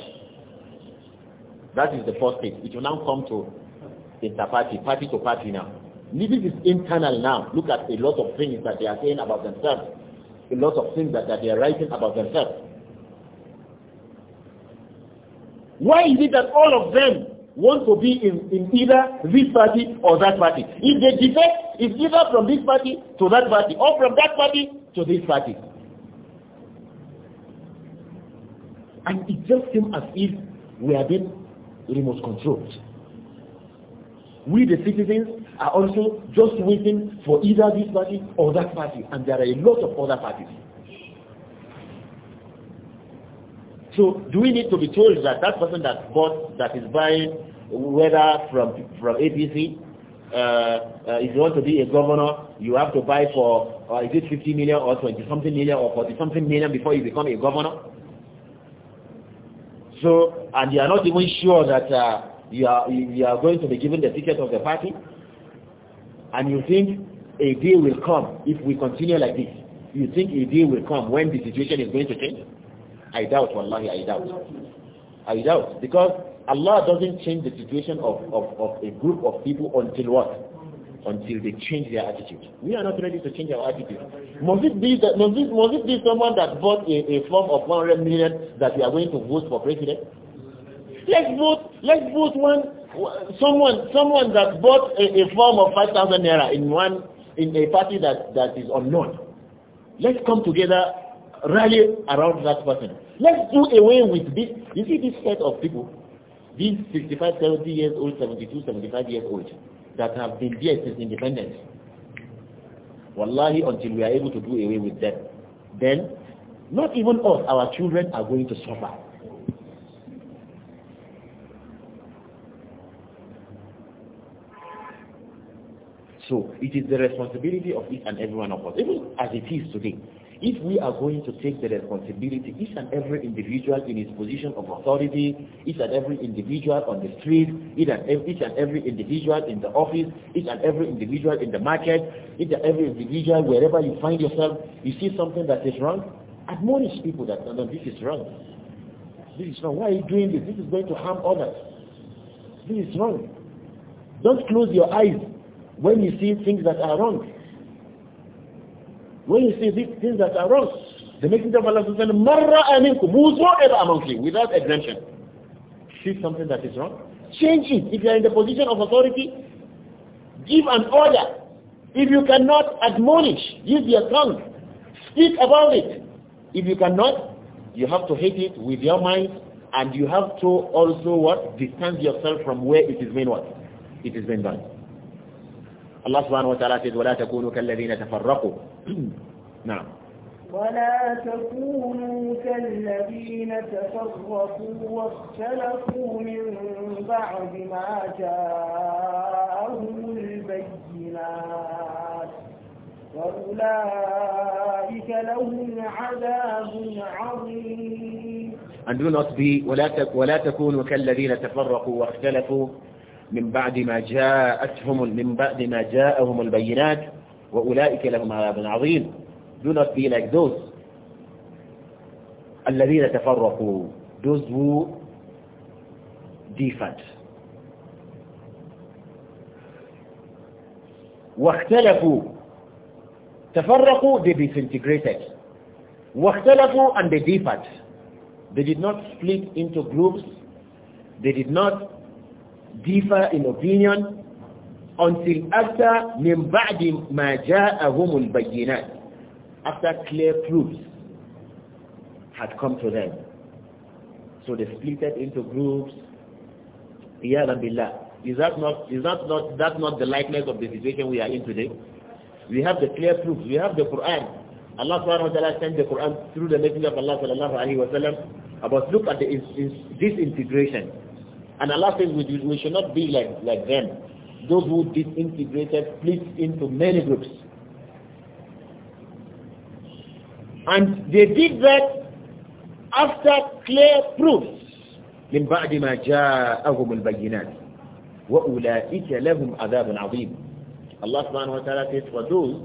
That is the first thing. It will now come to inter-party, party to party now. This is internal now. Look at a lot of things that they are saying about themselves a lot of things that, that they are writing about themselves. Why is it that all of them want to be in, in either this party or that party? If they defect, it's either from this party to that party or from that party to this party. And it just seems as if we are being remote controlled. We the citizens are also just waiting for either this party or that party, and there are a lot of other parties. So do we need to be told that that person that bought, that is buying, whether from from APC, uh, uh, if you want to be a governor, you have to buy for uh, is it 50 million or 20 something million or 40 something million before you become a governor? So and you are not even sure that uh, you are you are going to be given the ticket of the party and you think a day will come if we continue like this you think a day will come when the situation is going to change i doubt wallahi i doubt i doubt because allah doesn't change the situation of of, of a group of people until what until they change their attitude we are not ready to change our attitude must it be that must it, must it be someone that bought a, a form of 100 million that we are going to vote for president Let's vote, let's vote one, someone, someone that bought a, a form of 5,000 naira in one, in a party that, that is unknown. Let's come together, rally around that person. Let's do away with this. You see this set of people, these 65, 70 years old, 72, 75 years old, that have been there since independence. Wallahi, until we are able to do away with them, then not even us, our children are going to suffer. So it is the responsibility of each and every one of us, even as it is today. If we are going to take the responsibility, each and every individual in his position of authority, each and every individual on the street, each and every, individual in the office, each and every individual in the market, each and every individual wherever you find yourself, you see something that is wrong, admonish people that no, this is wrong. This is wrong. Why are you doing this? This is going to harm others. This is wrong. Don't close your eyes when you see things that are wrong. When you see these things that are wrong, the Messenger of Allah said, Marra aminkum, whosoever among you, without exemption, See something that is wrong, change it. If you are in the position of authority, give an order. If you cannot admonish, use your tongue. Speak about it. If you cannot, you have to hate it with your mind and you have to also what? Distance yourself from where it is being what? It is being done. الله سبحانه وتعالى يقول ولا تكونوا كالذين تفرقوا نعم ولا تكونوا كالذين تفرقوا واختلفوا من بعد ما جاءهم البينات وأولئك لهم عذاب عظيم And do not be ولا, ولا تكونوا كالذين تفرقوا واختلفوا من بعد ما جاءتهم من بعد ما جاءهم البينات وأولئك لهم عذاب عظيم do not be like those الذين تفرقوا those who differed واختلفوا تفرقوا they disintegrated واختلفوا and they differed they did not split into groups they did not differ in opinion until after min ba'di ma ja'ahumul bayyinat after clear proofs had come to them so they split it into groups ya billah is that not is that not that not the likeness of the situation we are in today we have the clear proofs we have the quran Allah subhanahu wa ta'ala sent the quran through the messenger of Allah sallallahu alaihi wasallam about look at the, is, is, this integration and Allah says we, we should not be like, like them, those who disintegrated split into many groups. And they did that after clear proofs. من بعد ما جاءهم البينات وأولئك لهم عذاب عظيم Allah subhanahu wa ta'ala says for those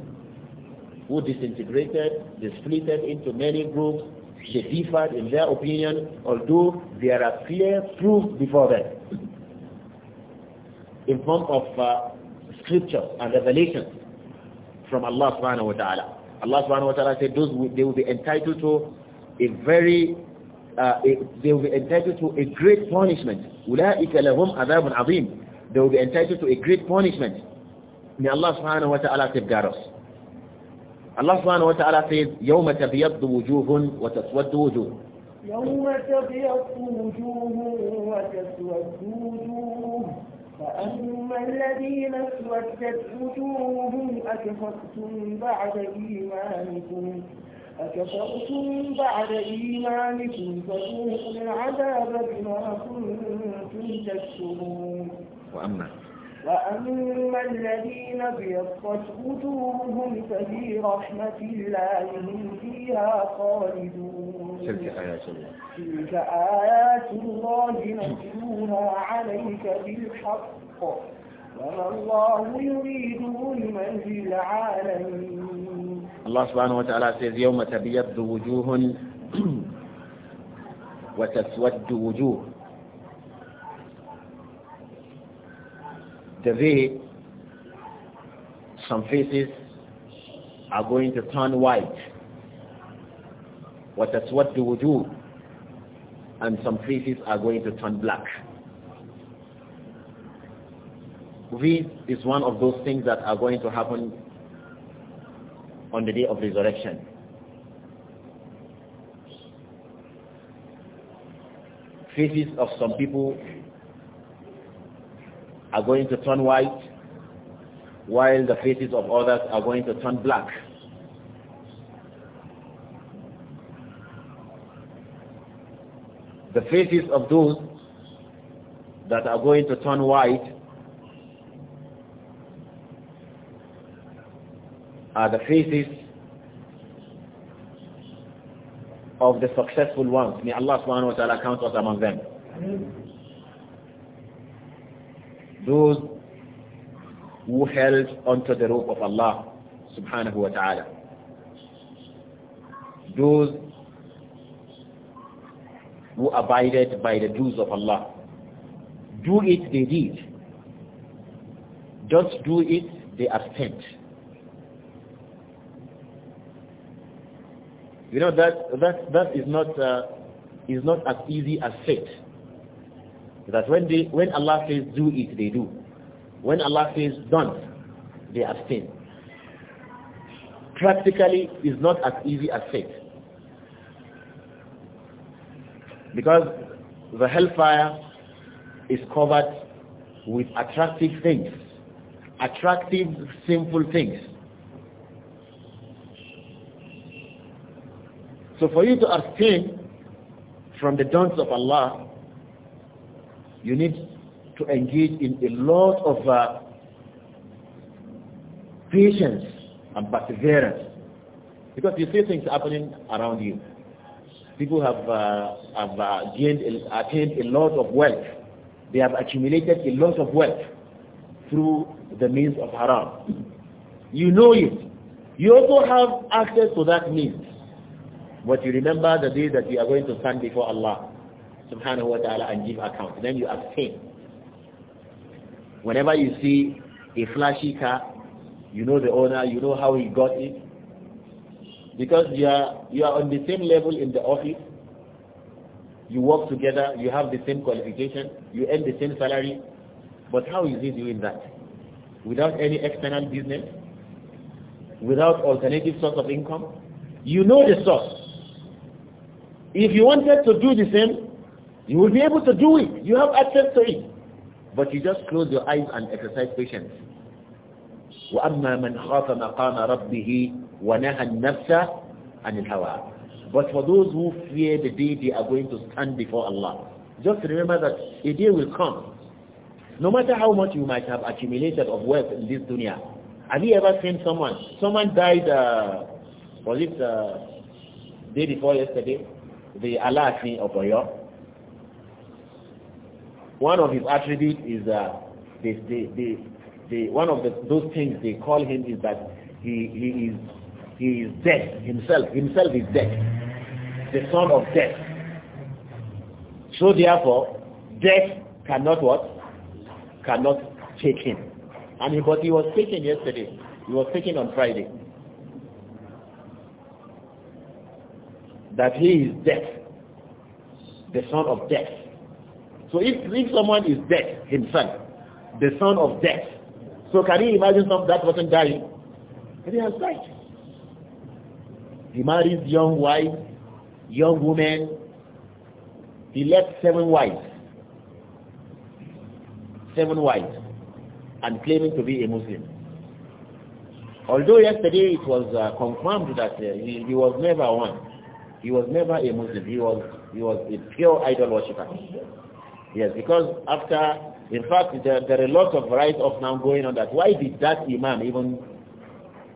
who disintegrated, they into many groups, she differed in their opinion, although there are clear proofs before them in form of uh, and revelation from Allah subhanahu wa ta'ala. Allah subhanahu wa ta'ala said those they will be entitled to a very uh, a, they will be entitled to a great punishment. They will be entitled to a great punishment. May Allah subhanahu wa ta'ala safeguard us. الله سبحانه وتعالى في يوم تبيض وجوه وتسود وجوه يوم تبيض وجوه وتسود وجوه فأما الذين اسودت وجوههم أكفرتم بعد إيمانكم أكفرتم بعد إيمانكم فذوقوا العذاب بما كنتم تكفرون وأما وأما الذين بيضت وجوههم ففي رحمة الله هم فيها خالدون تلك آيات الله نتلوها عليك بالحق وما الله يريد ظلما العالمين الله سبحانه وتعالى says يوم تبيض وجوه وتسود وجوه the some faces are going to turn white What what we do? and some faces are going to turn black this is one of those things that are going to happen on the day of resurrection faces of some people are going to turn white, while the faces of others are going to turn black. The faces of those that are going to turn white are the faces of the successful ones. May Allah subhanahu wa ta'ala count us among them those who held onto the rope of Allah subhanahu wa ta'ala. Those who abided by the rules of Allah. Do it they did. Don't do it they abstain. You know that that that is not uh, is not as easy as faith. That when, they, when Allah says do it, they do. When Allah says don't, they abstain. Practically, it's not as easy as faith. Because the hellfire is covered with attractive things, attractive, sinful things. So for you to abstain from the don'ts of Allah you need to engage in a lot of uh, patience and perseverance because you see things happening around you. People have, uh, have uh, gained, attained a lot of wealth. They have accumulated a lot of wealth through the means of haram. You know it. You also have access to that means. But you remember the day that you are going to stand before Allah subhanahu wa ta'ala and give account. Then you abstain. Whenever you see a flashy car, you know the owner, you know how he got it. Because you are, you are on the same level in the office, you work together, you have the same qualification, you earn the same salary, but how is he doing that? Without any external business? Without alternative source of income? You know the source. If you wanted to do the same, you will be able to do it. You have access to it. But you just close your eyes and exercise patience. وَأَمَّا مَنْ خَافَ مَقَامَ رَبِّهِ النَّفْسَ عَنِ الْهَوَىٰ But for those who fear the day they are going to stand before Allah, just remember that a day will come. No matter how much you might have accumulated of wealth in this dunya, have you ever seen someone? Someone died, uh, was it uh, day before yesterday? The Allah thing of Oyo one of his attributes is uh, the, the, the, the, one of the, those things they call him is that he, he is he is death himself. Himself is death, the son of death. So therefore, death cannot what? Cannot take him. And he, but he was taken yesterday. He was taken on Friday. That he is death, the son of death. So if, if someone is dead himself, the son of death, so can you imagine some, that person dying? And he has died. He marries young wife, young woman. He left seven wives. Seven wives. And claiming to be a Muslim. Although yesterday it was uh, confirmed that uh, he, he was never one. He was never a Muslim. He was, he was a pure idol worshipper. Yes, because after, in fact, there, there are a lot of write-off now going on that. Why did that imam even,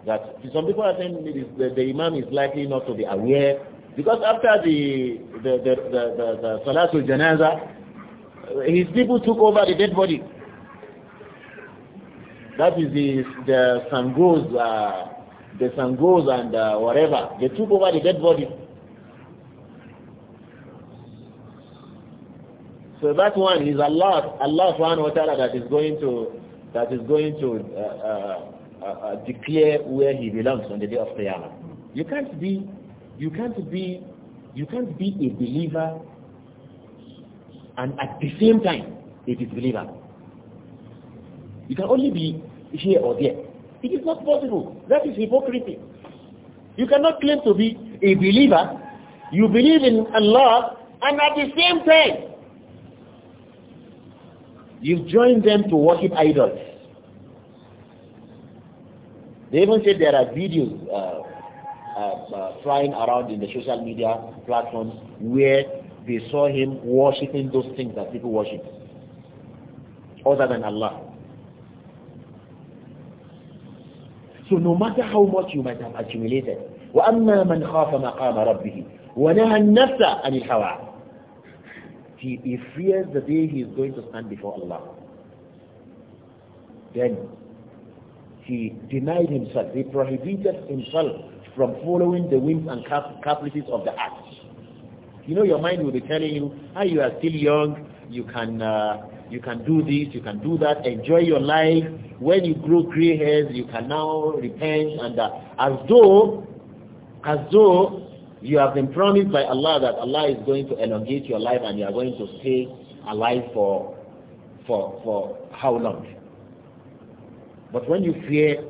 that, some people are saying the, the, imam is likely not to be aware, because after the, the, the, the, the, the Salatul Janaza, his people took over the dead body. That is the, the Sangos, uh, the Sangos and uh, whatever, they took over the dead body. So that one is Allah, Allah subhanahu wa ta'ala that is going to, that is going to uh, uh, uh, uh, declare where he belongs on the day of Qiyamah. You can't be, you can't be, you can't be a believer and at the same time a disbeliever. You can only be here or there. It is not possible. That is hypocrisy. You cannot claim to be a believer. You believe in Allah and at the same time You've joined them to worship idols. They even said there are videos uh, uh, uh, flying around in the social media platforms where they saw him worshipping those things that people worship other than Allah. So no matter how much you might have accumulated, وَأَمَّا مَنْ خَافَ مَقَامَ رَبِّهِ وَنَهَى النَّفْسَ عَنِ الْحَوَىٰ he, he fears the day he is going to stand before Allah. Then he denied himself, he prohibited himself from following the whims and caprices of the act. You know, your mind will be telling you, ah, you are still young, you can, uh, you can do this, you can do that, enjoy your life. When you grow gray hairs, you can now repent. And uh, as though, as though you have been promised by Allah that Allah is going to elongate your life and you are going to stay alive for, for, for how long? But when you fear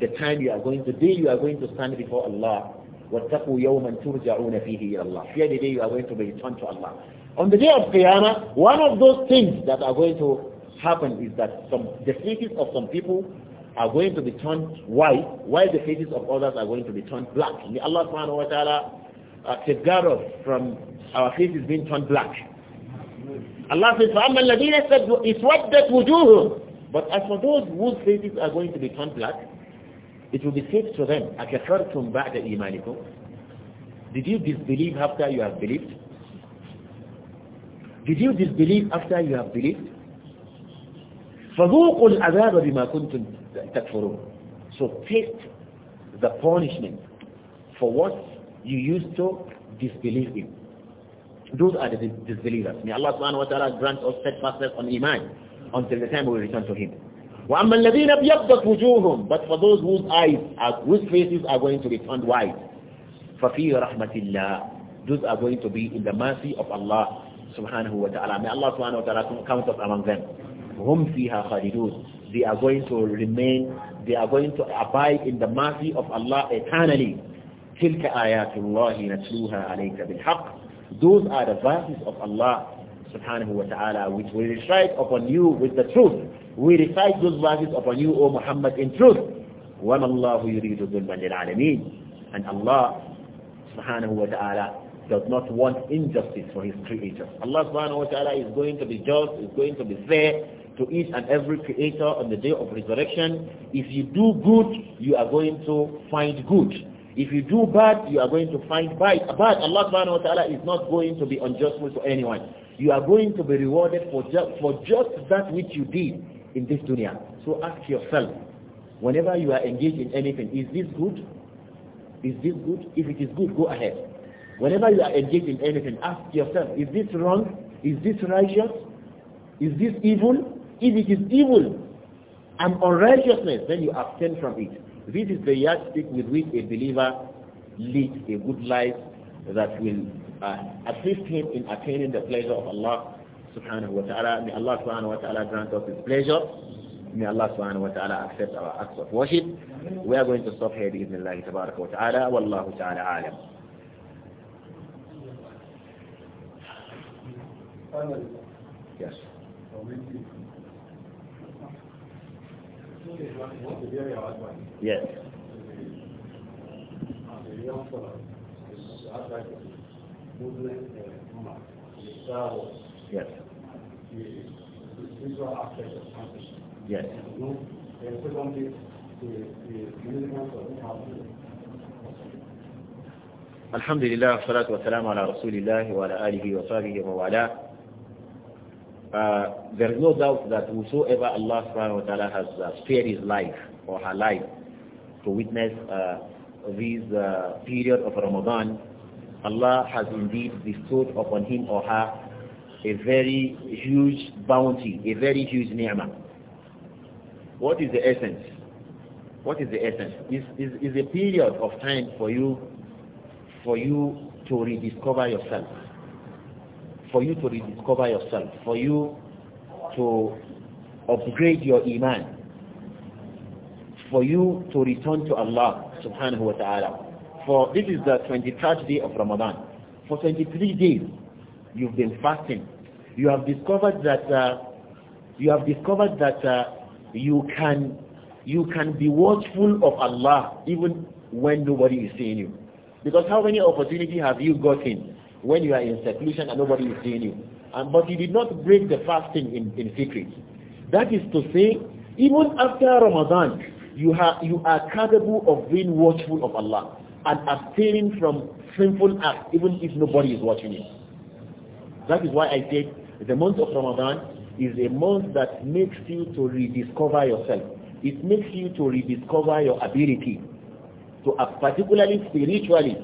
the time you are going, to day you are going to stand before Allah, وَاتَّقُوا يَوْمًا تُرْجَعُونَ فِيهِ إِلَى اللَّهِ Fear the day you are going to be to Allah. On the day of Qiyamah, one of those things that are going to happen is that some, the faces of some people are going to be turned white, while the faces of others are going to be turned black. May Allah subhanahu wa ta'ala uh, safeguard from our faces being turned black. Allah says, فَأَمَّا الَّذِينَ اسْوَدَّتْ وُجُوهُمْ But as for those whose faces are going to be turned black, it will be said to them, أَكَفَرْتُمْ بَعْدَ إِيمَانِكُمْ Did you disbelieve after you have believed? Did you disbelieve after you have believed? فَذُوقُوا الْعَذَابَ بِمَا كُنْتُمْ تَكْفُرُونَ So taste the punishment for what you used to disbelieve him. Those are the disbelievers. May Allah subhanahu wa ta'ala grant us steadfastness on Iman until the time we return to him. وَأَمَّا الَّذِينَ بِيَبْدَتْ وُجُوهُم But for those whose eyes, are, whose faces are going to be turned white, فَفِي رَحْمَةِ اللَّهِ Those are going to be in the mercy of Allah subhanahu wa ta'ala. May Allah subhanahu wa ta'ala count us among them. هُمْ فِيهَا خَالِدُونَ They are going to remain, they are going to abide in the mercy of Allah eternally. تلك آيات الله نتلوها عليك بالحق those are the verses of Allah subhanahu wa ta'ala which we recite upon you with the truth we recite those verses upon you O Muhammad in truth وَمَا اللَّهُ يُرِيدُ ظُلْمًا لِلْعَالَمِينَ and Allah subhanahu wa ta'ala does not want injustice for his creatures Allah subhanahu wa ta'ala is going to be just is going to be fair to each and every creator on the day of resurrection if you do good you are going to find good if you do bad, you are going to find bad. But Allah subhanahu wa ta'ala is not going to be unjust to anyone. You are going to be rewarded for just, for just that which you did in this dunya. So ask yourself, whenever you are engaged in anything, is this good? Is this good? If it is good, go ahead. Whenever you are engaged in anything, ask yourself, is this wrong? Is this righteous? Is this evil? If it is evil and unrighteousness, then you abstain from it. This is the yardstick with which a believer leads a good life that will uh, assist him in attaining the pleasure of Allah subhanahu wa ta'ala. May Allah subhanahu wa ta'ala grant us his pleasure. May Allah subhanahu wa ta'ala accept our acts of worship. We are going to stop here bi-idhnillahi tabaraka wa ta'ala. Wallahu ta'ala alam. Yes. Yes. Yes. Yes. الحمد لله والصلاة والسلام على رسول الله وعلى آله وصحبه ومن والاه Uh, there is no doubt that whosoever Allah subhanahu wa ta'ala has uh, spared his life or her life to witness uh, this uh, period of Ramadan, Allah has indeed bestowed upon him or her a very huge bounty, a very huge ni'mah. What is the essence? What is the essence? Is is is a period of time for you for you to rediscover yourself for you to rediscover yourself, for you to upgrade your iman, for you to return to Allah subhanahu wa ta'ala. For this is the 23rd day of Ramadan. For 23 days, you've been fasting. You have discovered that uh, you have discovered that uh, you can you can be watchful of Allah even when nobody is seeing you. Because how many opportunity have you gotten when you are in seclusion and nobody is seeing you. And, but you did not break the fasting in, in secret. That is to say, even after Ramadan, you are, you are capable of being watchful of Allah and abstaining from sinful acts even if nobody is watching you. That is why I said the month of Ramadan is a month that makes you to rediscover yourself. It makes you to rediscover your ability, to uh, particularly spiritually,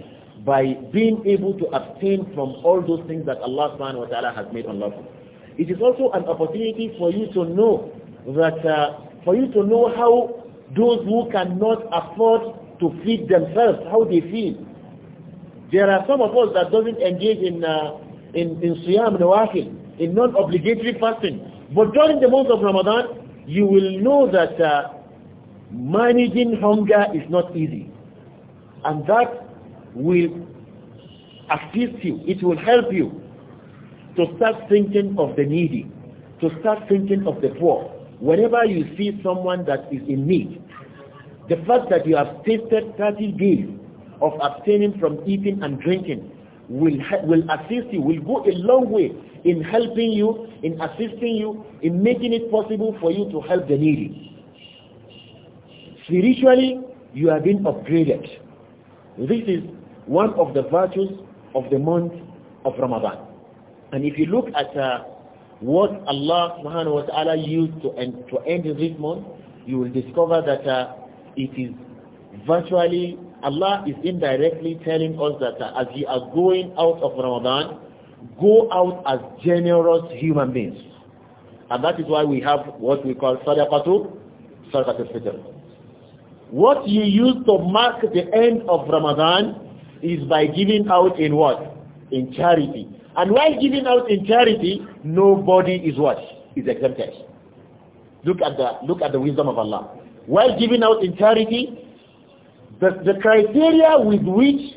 by being able to abstain from all those things that Allah subhanahu wa ta'ala has made unlawful. It is also an opportunity for you to know that, uh, for you to know how those who cannot afford to feed themselves, how they feel. There are some of us that doesn't engage in, uh, in, in siyam nawafil, in non-obligatory fasting. But during the month of Ramadan, you will know that uh, managing hunger is not easy. And that will assist you, it will help you to start thinking of the needy, to start thinking of the poor. Whenever you see someone that is in need, the fact that you have tasted 30 days of abstaining from eating and drinking will, will assist you, will go a long way in helping you, in assisting you, in making it possible for you to help the needy. Spiritually, you have been upgraded. This is one of the virtues of the month of Ramadan. And if you look at uh, what Allah subhanahu wa ta'ala used to end, to end this month, you will discover that uh, it is virtually, Allah is indirectly telling us that uh, as we are going out of Ramadan, go out as generous human beings. And that is why we have what we call sadaqatu, sadaqatul fitr. What you use to mark the end of Ramadan is by giving out in what? In charity. And while giving out in charity, nobody is what? Is exempted. Look at the, look at the wisdom of Allah. While giving out in charity, the, the criteria with which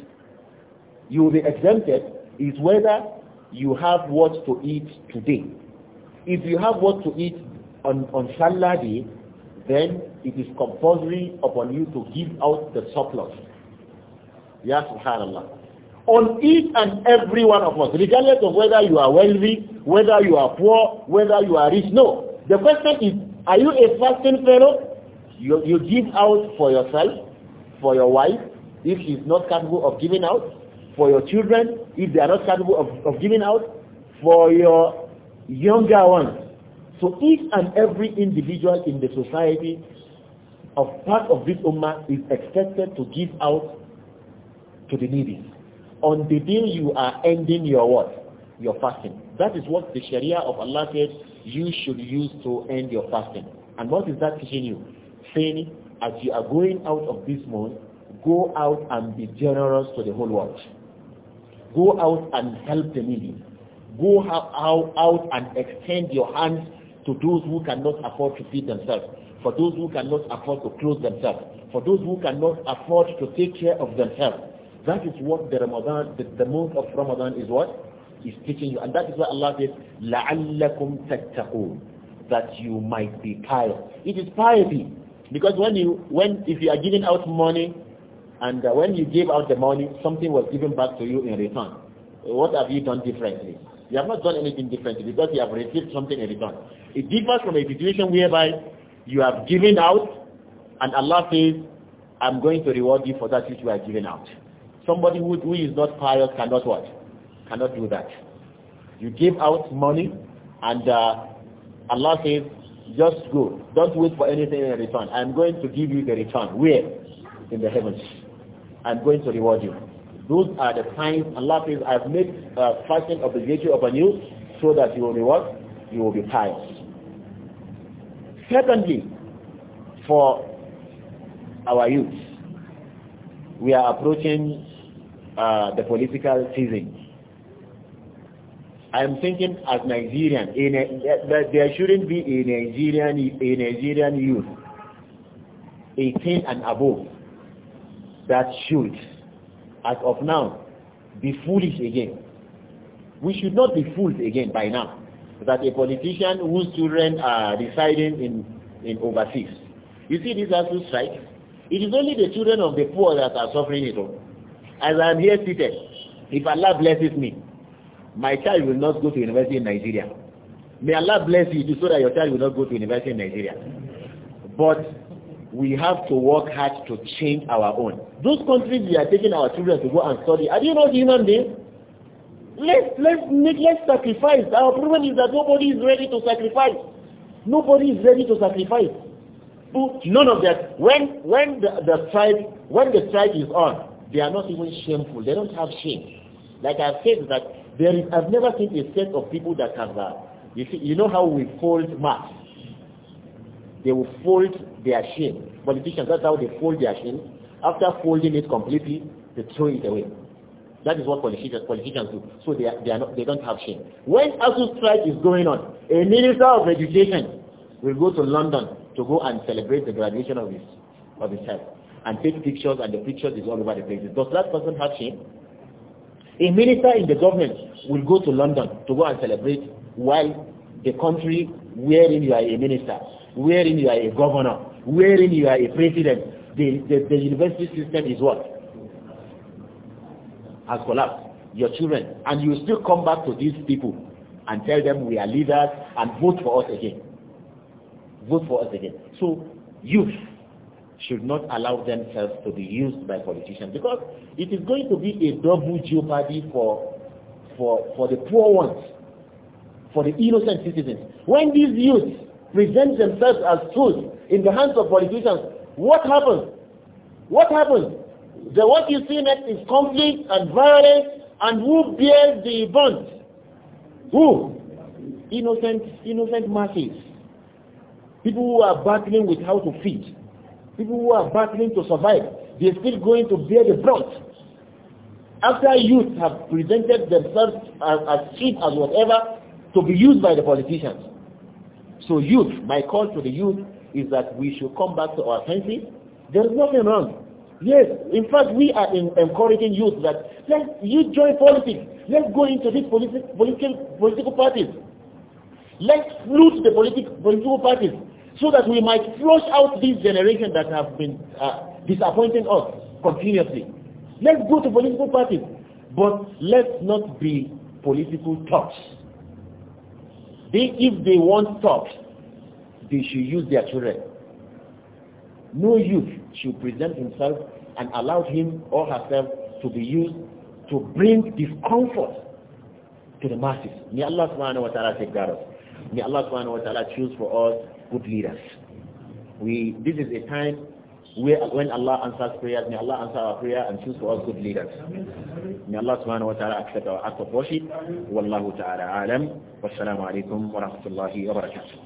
you will be exempted is whether you have what to eat today. If you have what to eat on, on Salah day, then it is compulsory upon you to give out the surplus Ya subhanallah. On each and every one of us, regardless of whether you are wealthy, whether you are poor, whether you are rich, no. The question is, are you a fasting fellow? You, you give out for yourself, for your wife, if she's not capable of giving out, for your children, if they are not capable of, of giving out, for your younger ones. So each and every individual in the society of part of this ummah is expected to give out to the needy on the day you are ending your what? Your fasting. That is what the Sharia of Allah says you should use to end your fasting. And what is that teaching you? Saying, as you are going out of this month, go out and be generous to the whole world. Go out and help the needy. Go out and extend your hands to those who cannot afford to feed themselves, for those who cannot afford to clothe themselves, for those who cannot afford to take care of themselves that is what the Ramadan, the, the month of Ramadan is what? Is teaching you. And that is why Allah says, لَعَلَّكُمْ تَتَّقُونَ That you might be pious. It is piety. Because when you, when, if you are giving out money, and uh, when you gave out the money, something was given back to you in return. What have you done differently? You have not done anything differently because you have received something in return. It differs from a situation whereby you have given out and Allah says, I'm going to reward you for that which you have given out. Somebody who, who is not pious cannot what? Cannot do that. You give out money and uh, Allah says, just go. Don't wait for anything in return. I'm going to give you the return. Where? In the heavens. I'm going to reward you. Those are the times. Allah says, I've made uh, fasting obligatory upon you so that you will be what? You will be pious. Secondly, for our youth, we are approaching uh, the political season. I'm thinking as Nigerian, in a, there shouldn't be a Nigerian, a Nigerian youth 18 and above that should, as of now, be foolish again. We should not be fooled again by now that a politician whose children are residing in, in overseas. You see this two strikes. It is only the children of the poor that are suffering it all. as I am here seated, if Allah blesses me, my child will not go to university in Nigeria. May Allah bless you too so that your child will not go to university in Nigeria. But we have to work hard to change our own. Those countries we are taking our children to go and study, are you not human beings? Let's, let's, make, let's sacrifice. Our problem is that nobody is ready to sacrifice. Nobody is ready to sacrifice. None of that. When, when the, the strike, when the strike is on, They are not even shameful. They don't have shame. Like I've said that there is, I've never seen a set of people that have that. Uh, you see, you know how we fold mats. They will fold their shame. Politicians, that's how they fold their shame. After folding it completely, they throw it away. That is what politicians, politicians do. So they, are, they, are not, they don't have shame. When ASU strike is going on, a minister of education will go to London to go and celebrate the graduation of his, of his child and take pictures and the pictures is all over the place. Does that person have shame? A minister in the government will go to London to go and celebrate while the country wherein you are a minister, wherein you are a governor, wherein you are a president, the, the, the university system is what? Has collapsed. Your children. And you still come back to these people and tell them we are leaders and vote for us again. Vote for us again. So, youth should not allow themselves to be used by politicians because it is going to be a double jeopardy for for for the poor ones, for the innocent citizens. When these youths present themselves as tools in the hands of politicians, what happens? What happens? The what you see next is conflict and violence and who bears the brunt? Who? Innocent innocent masses. People who are battling with how to feed people who are battling to survive, they're still going to bear the brunt. After youth have presented themselves as, as cheap as whatever to be used by the politicians. So youth, my call to the youth is that we should come back to our senses. There is nothing wrong. Yes, in fact, we are in, encouraging youth that let you join politics. Let's go into these politi political political parties. Let's loot the politi political parties so that we might flush out this generation that have been uh, disappointing us continuously. Let's go to political parties, but let's not be political thugs. They, if they want thugs, they should use their children. No youth should present himself and allow him or herself to be used to bring discomfort to the masses. May Allah subhanahu wa ta'ala take care of us. May Allah subhanahu wa ta'ala choose for us good leaders. We, this is a time where, when Allah answers prayers, may Allah answer our prayer and choose for us good leaders. May Allah subhanahu wa ta'ala accept our act of worship. Wallahu ta'ala alam. Wassalamu alaikum wa rahmatullahi wa barakatuh.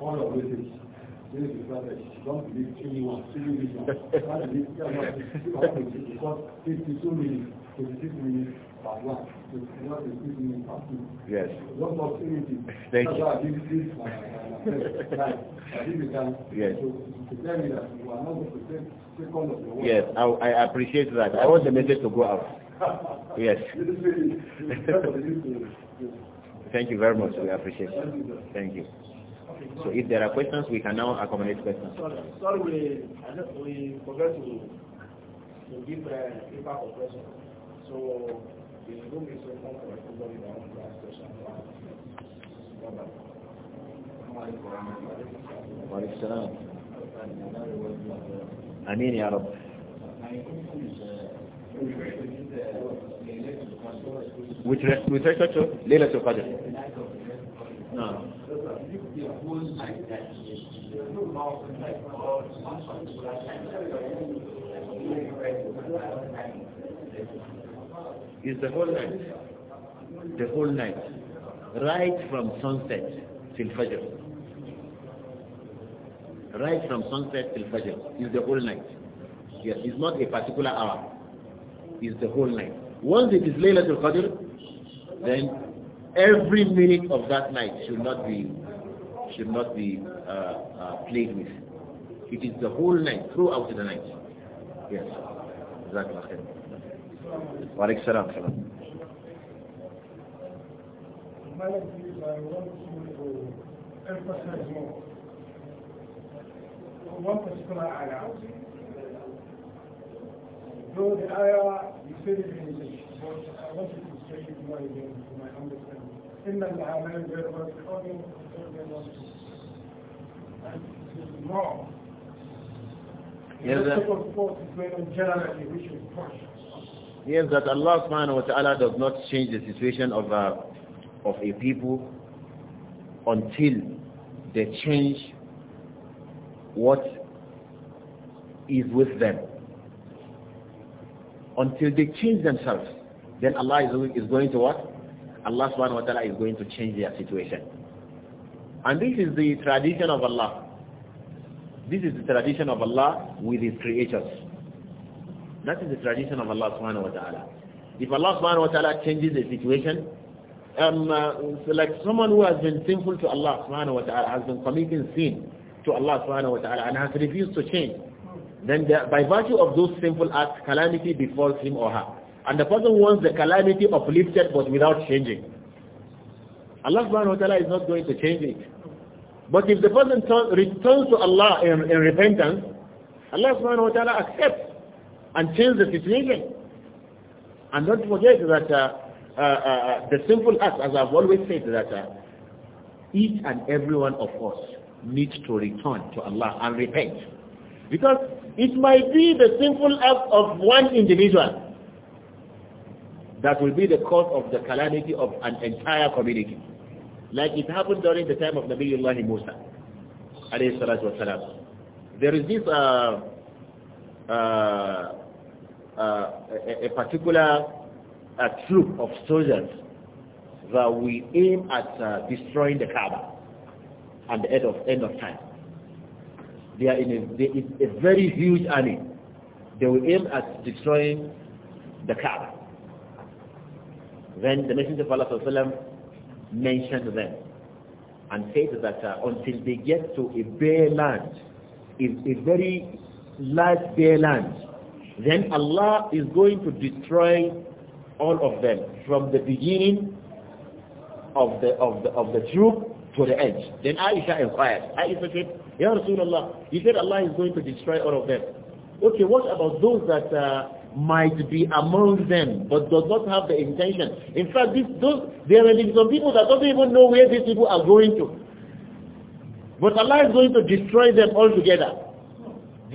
All of this don't believe anyone, Yes. Thank you. yes. Yes, I, I appreciate that. I want the message to go out. Yes. Thank you very much. We appreciate it. Thank you. So if there are questions, we can now accommodate questions. Sorry, sorry we, we forgot to, to give a uh, paper for questions. So السلام امين يا رب وتركته ليلة القدر نعم is the whole night. The whole night. Right from sunset till Fajr. Right from sunset till Fajr is the whole night. Yes, it's not a particular hour. It's the whole night. Once it is Laylatul Qadr, then every minute of that night should not be should not be uh, uh, played with. It is the whole night, throughout the night. Yes. Exactly. وعليك السلام كمان Though the ayah you said it in English, but I wanted to say it my again to my understanding. إن العمل غير مرتقب And more. Yes, sir. The second part is when generally we should push. Yes, that Allah subhanahu wa ta'ala does not change the situation of a, uh, of a people until they change what is with them. Until they change themselves, then Allah is, is going to what? Allah subhanahu wa ta'ala is going to change their situation. And this is the tradition of Allah. This is the tradition of Allah with his creatures. That is the tradition of Allah subhanahu wa ta'ala. If Allah subhanahu wa ta'ala changes the situation, um, uh, so like someone who has been sinful to Allah subhanahu wa ta'ala, has been committing sin to Allah subhanahu wa ta'ala and has refused to change, then the, by virtue of those sinful acts, calamity befalls him or her. And the person wants the calamity uplifted but without changing. Allah subhanahu wa ta'ala is not going to change it. But if the person turn, returns to Allah in, in repentance, Allah subhanahu wa ta'ala accepts and change the situation. And don't forget that uh uh, uh, uh, the simple act, as I've always said, that uh, each and every one of us needs to return to Allah and repent. Because it might be the simple act of one individual that will be the cause of the calamity of an entire community. Like it happened during the time of Nabiullah Musa. There is this uh, uh, uh, a, a particular a troop of soldiers that we aim at uh, destroying the Kaaba at the end of end of time. They are in a, they, a very huge army. They will aim at destroying the Kaaba. Then the Messenger of Allah mentioned them and said that uh, until they get to a bare land, a, a very large bare land, then Allah is going to destroy all of them from the beginning of the of the of the troop to the end. Then Aisha inquired. Aisha said, Ya Rasulullah, He said Allah is going to destroy all of them. Okay, what about those that uh, might be among them but does not have the intention? In fact, this, those, there are some people that don't even know where these people are going to. But Allah is going to destroy them altogether.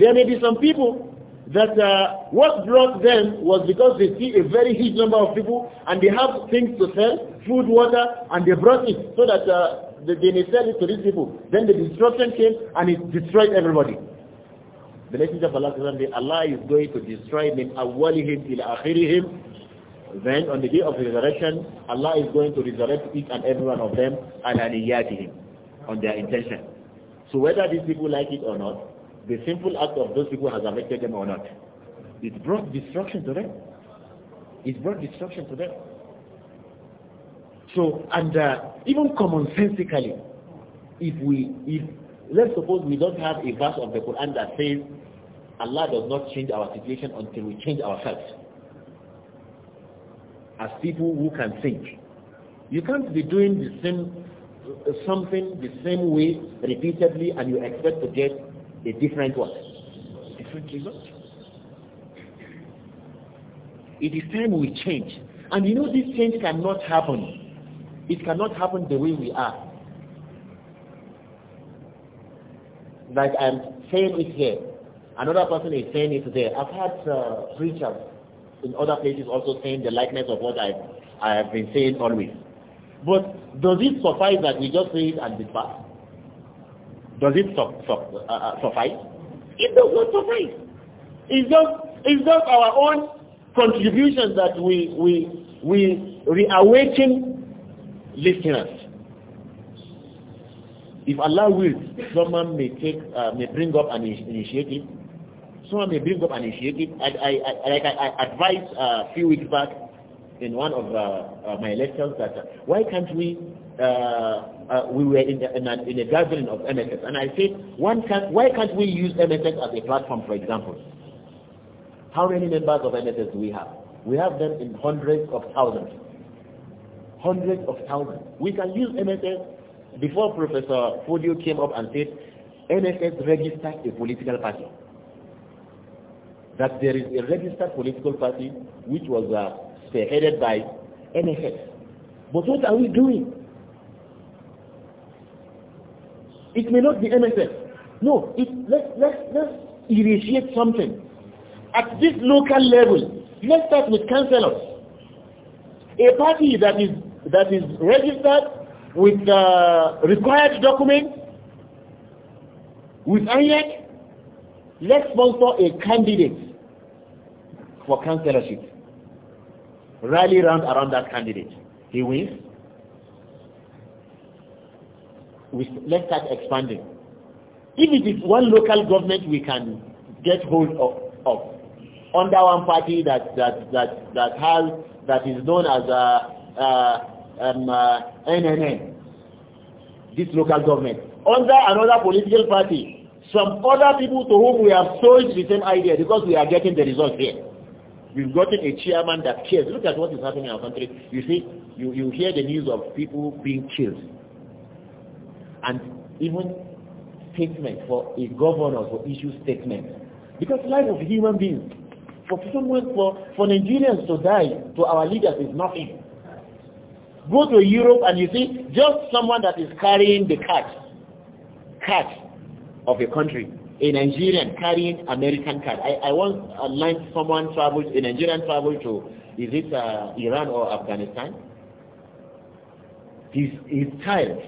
There may be some people that uh, what brought them was because they see a very huge number of people and they have things to sell, food, water, and they brought it so that uh, they, they sell it to these people. Then the destruction came and it destroyed everybody. The message of Allah says, Allah is going to destroy min awwalihim ila akhirihim. Then on the day of resurrection, Allah is going to resurrect each and every one of them ala niyatihim, on their intention. So whether these people like it or not, the simple act of those people has affected them or not. It brought destruction to them. It brought destruction to them. So, and uh, even commonsensically, if we, if, let's suppose we don't have a verse of the Quran that says, Allah does not change our situation until we change ourselves. As people who can think. You can't be doing the same, something the same way repeatedly and you expect to get a different what? different result. It is time we change. And you know this change cannot happen. It cannot happen the way we are. Like I'm saying it here. Another person is saying it there. I've had uh, preachers in other places also saying the likeness of what I, I have been saying always. But does it suffice that we just say it and past? Does it uh, uh, suffice? It does not suffice. It's just, it's just our own contribution that we, we, we reawaken listeners. If Allah will, someone may take, uh, may bring up an initiative. Someone may bring up an initiative. I, I, I, I, I advised uh, a few weeks back in one of uh, my lectures that why can't we Uh, uh, we were in, in, a, in a gathering of MSS, and I said, one can, why can't we use MSS as a platform, for example? How many members of MSS do we have? We have them in hundreds of thousands. Hundreds of thousands. We can use MSS. Before Professor Folio came up and said, NSS registers a political party. That there is a registered political party which was uh, spearheaded by NSS. But what are we doing? It may not be MSF. No, it, let, let, let's initiate something. At this local level, let's start with councillors. A party that is, that is registered with uh, required documents, with INEC, let's sponsor a candidate for councillorship. Rally round around that candidate. He wins, we, let's start expanding. If it is one local government we can get hold of, of under one party that that that that has that is known as a, uh, uh, um, uh, NNN, this local government, under another political party, some other people to whom we have sold the same idea because we are getting the result here. We've gotten a chairman that cares. Look at what is happening in our country. You see, you, you hear the news of people being killed and even statement for a governor to issue statement. Because life of human beings, for someone, for, for Nigerians to die to our leaders is nothing. Go to Europe and you see just someone that is carrying the cart, cart of a country, a Nigerian carrying American card. I, I once online someone travels a Nigerian travel to, is it uh, Iran or Afghanistan? His, his child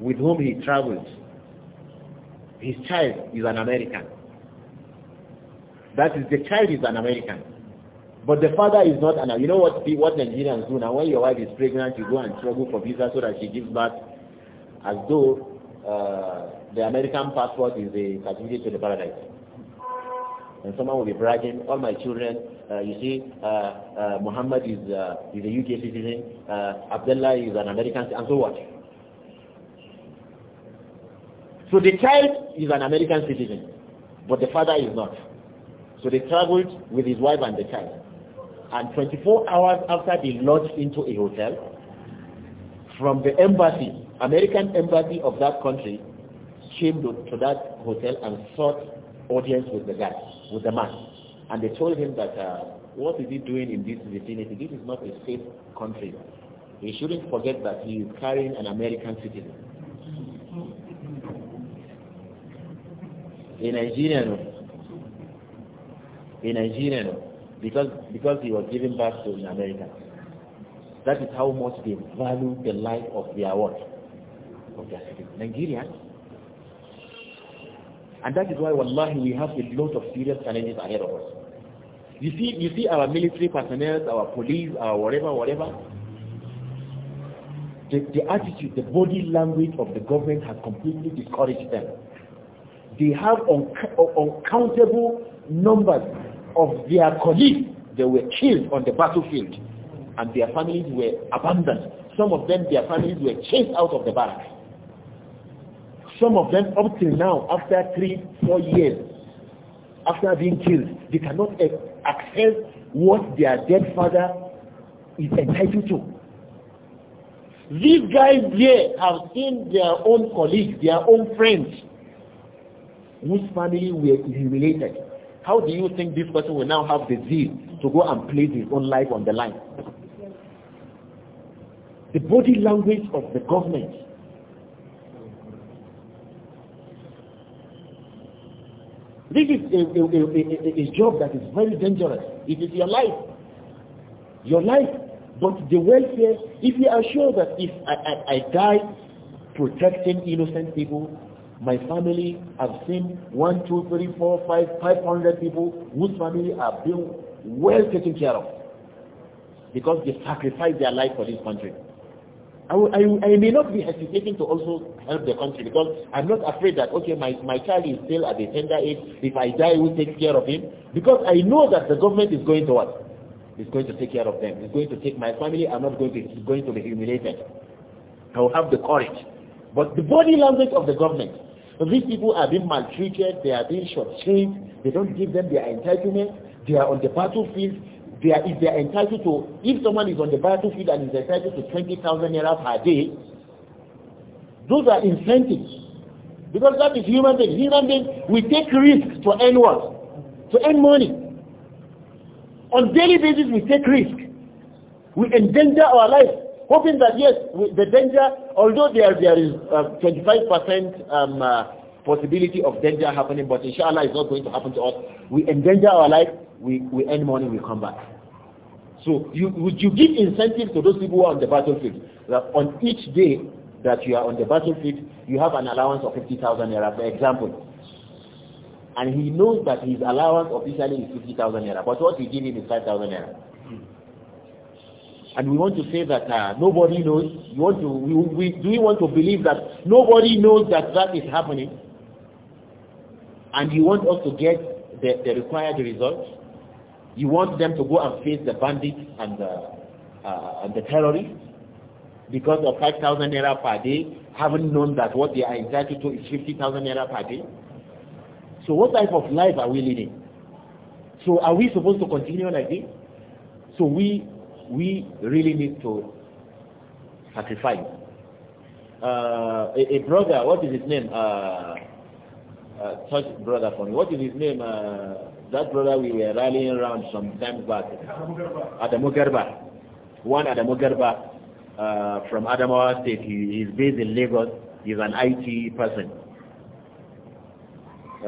with whom he travels, his child is an American. That is, the child is an American. But the father is not an You know what what Nigerians do now? When your wife is pregnant, you go and struggle for visa so that she gives birth as though uh, the American passport is a certificate to the paradise. And someone will be bragging, all my children, uh, you see, uh, uh Muhammad is, uh, is a UK citizen, uh, Abdullah is an American, and so what? So the child is an American citizen, but the father is not. So they traveled with his wife and the child. And 24 hours after they lodged into a hotel, from the embassy, American embassy of that country, came to, to that hotel and sought audience with the guy, with the man. And they told him that, uh, what is he doing in this vicinity? This is not a safe country. He shouldn't forget that he is carrying an American citizen. In Nigerian, in Nigerian, because because he was given birth to in America. That is how much they value the life of their what of their citizens. And that is why, wallahi, we have a lot of serious challenges ahead of us. You see, you see our military personnel, our police, our whatever, whatever. The, the attitude, the body language of the government has completely discouraged them they have uncountable numbers of their colleagues they were killed on the battlefield and their families were abandoned some of them their families were chased out of the barracks some of them up till now after three four years after being killed they cannot access what their dead father is entitled to these guys here have seen their own colleagues their own friends whose family were humiliated. How do you think this person will now have the zeal to go and place his own life on the line? The body language of the government. This is a, a, a, a job that is very dangerous. It is your life. Your life. But the welfare, if you are sure that if I, I, I die protecting innocent people, my family, have seen one, two, three, four, five, five hundred people whose family are being well taken care of because they sacrificed their life for this country. I, I, I may not be hesitating to also help the country because I'm not afraid that, okay, my, my child is still at a tender age. If I die, who takes care of him? Because I know that the government is going to what? It's going to take care of them. It's going to take my family. I'm not going to, it's going to be humiliated. I will have the courage. But the body language of the government these people are being maltreated, they are being shortchanged, they don't give them their entitlement, they are on the battlefield, they are, if they are entitled to, if someone is on the battlefield and is entitled to 20,000 naira per day, those are incentives. Because that is human being. Human being, we take risks to earn what? To earn money. On daily basis, we take risk. We endanger our life hoping that yes, the danger, although there, there is uh, 25% um, uh, possibility of danger happening, but inshallah it's not going to happen to us. We endanger our life, we, we earn money, we come back. So you, would you give incentive to those people who are on the battlefield that on each day that you are on the battlefield, you have an allowance of 50,000 naira, for example. And he knows that his allowance officially is 50,000 naira, but what you give him is 5,000 naira and we want to say that uh, nobody knows. You want to, we, we, do want to believe that nobody knows that that is happening? And you want us to get the, the required results? You want them to go and face the bandits and the, uh, and the terrorists because of 5,000 naira per day, haven't known that what they are entitled to is 50,000 naira per day? So what type of life are we leading? So are we supposed to continue like this? So we we really need to sacrifice. Uh, a, a, brother, what is his name? Uh, uh, such brother for me. What is his name? Uh, that brother we were rallying around some time back. Adamu Garba. One Adamu Garba uh, from Adamawa State. He is based in Lagos. He's an IT person.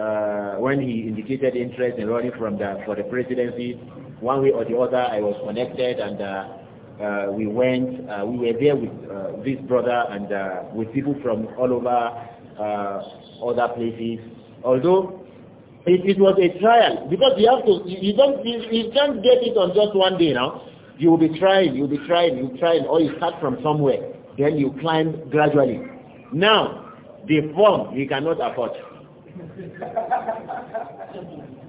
Uh, when he indicated interest in running from the, for the presidency, one way or the other, I was connected and uh, uh, we went, uh, we were there with uh, this brother and uh, with people from all over uh, other places. Although it, it, was a trial because you have to, you, don't, you, you can't get it on just one day now. You will be trying, you will be trying, you trying, or you start from somewhere, then you climb gradually. Now, the form you cannot afford.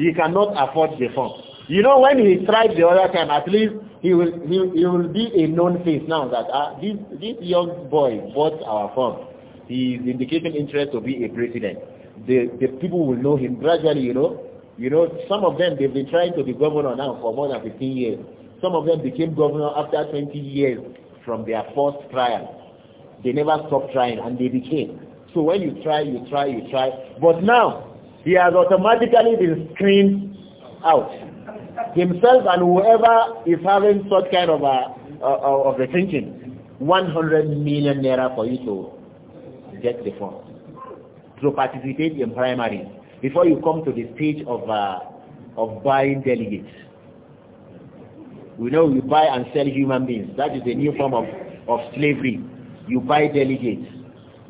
he cannot afford the phone. You know, when he tried the other time, at least he will he, he will be a known face now that uh, this this young boy bought our firm. He is indicating interest to be a president. The the people will know him gradually. You know, you know some of them they've been trying to be governor now for more than 15 years. Some of them became governor after 20 years from their first trial. They never stopped trying and they became. So when you try, you try, you try. But now he has automatically been screened out himself and whoever is having such kind of a uh, of a thinking 100 million naira for you to get the form to participate in primary before you come to the stage of uh, of buying delegates we know you buy and sell human beings that is a new form of of slavery you buy delegates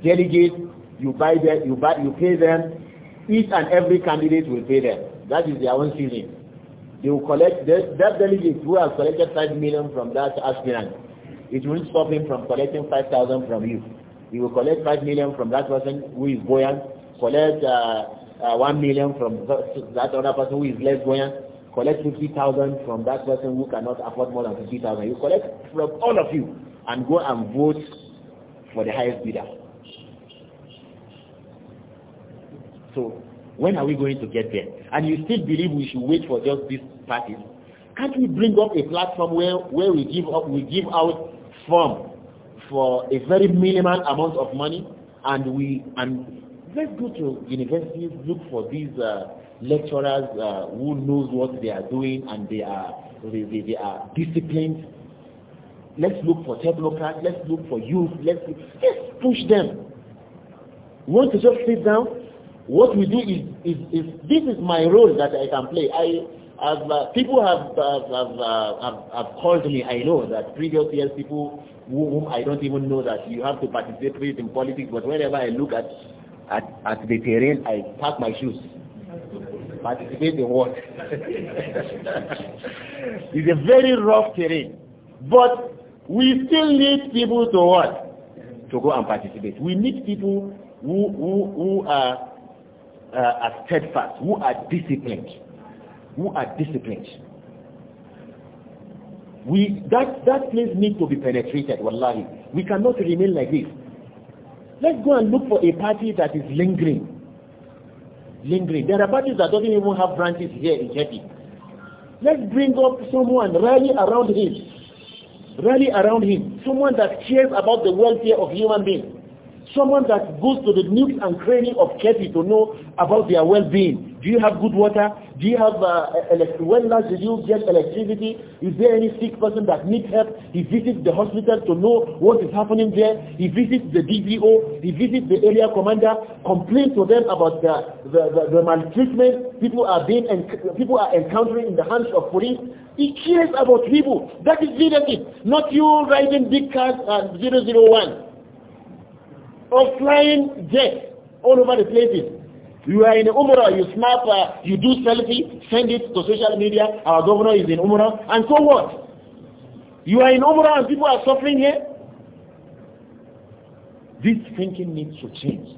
delegates you buy them you buy you pay them each and every candidate will pay them. That is their own season. They will collect, that, delegate who has collected 5 million from that aspirant, it won't stop him from collecting 5,000 from you. He will collect 5 million from that person who is buoyant, collect uh, uh, 1 million from that other person who is less buoyant, collect 50,000 from that person who cannot afford more than 50,000. You collect from all of you and go and vote for the highest bidder. So when are we going to get there? And you still believe we should wait for just these parties? Can't we bring up a platform where, where we give up, we give out form for a very minimal amount of money and we and let's go to universities, look for these uh, lecturers uh, who knows what they are doing and they are they, they, they are disciplined. Let's look for technocrats, let's look for youth, let's let's push them. You want to just sit down? What we do is, is, is this is my role that I can play. I, as uh, people have, have, have, uh, have, have, called me, I know that previous years people whom I don't even know that you have to participate in politics, but whenever I look at, at, at the terrain, I pack my shoes participate in what? it's a very rough terrain. But we still need people to what? To go and participate. We need people who, who, who are uh, are steadfast, who are disciplined, who are disciplined. We that that place needs to be penetrated. Wallahi, we cannot remain like this. Let's go and look for a party that is lingering, lingering. There are parties that don't even have branches here in Haiti. Let's bring up someone, rally around him, rally around him, someone that cares about the welfare of human beings. Someone that goes to the nooks and crannies of Kepi to know about their well-being. Do you have good water? Do you have uh, electricity? When last did you get electricity? Is there any sick person that needs help? He visits the hospital to know what is happening there. He visits the DVO. He visits the area commander. Complains to them about the, the, the, the maltreatment people are being and people are encountering in the hands of police. He cares about people. That is leadership, not you riding big cars at 001 of flying jets all over the places. You are in Umrah, you snap, uh, you do selfie, send it to social media, our governor is in Umrah, and so what? You are in Umrah and people are suffering here? This thinking needs to change.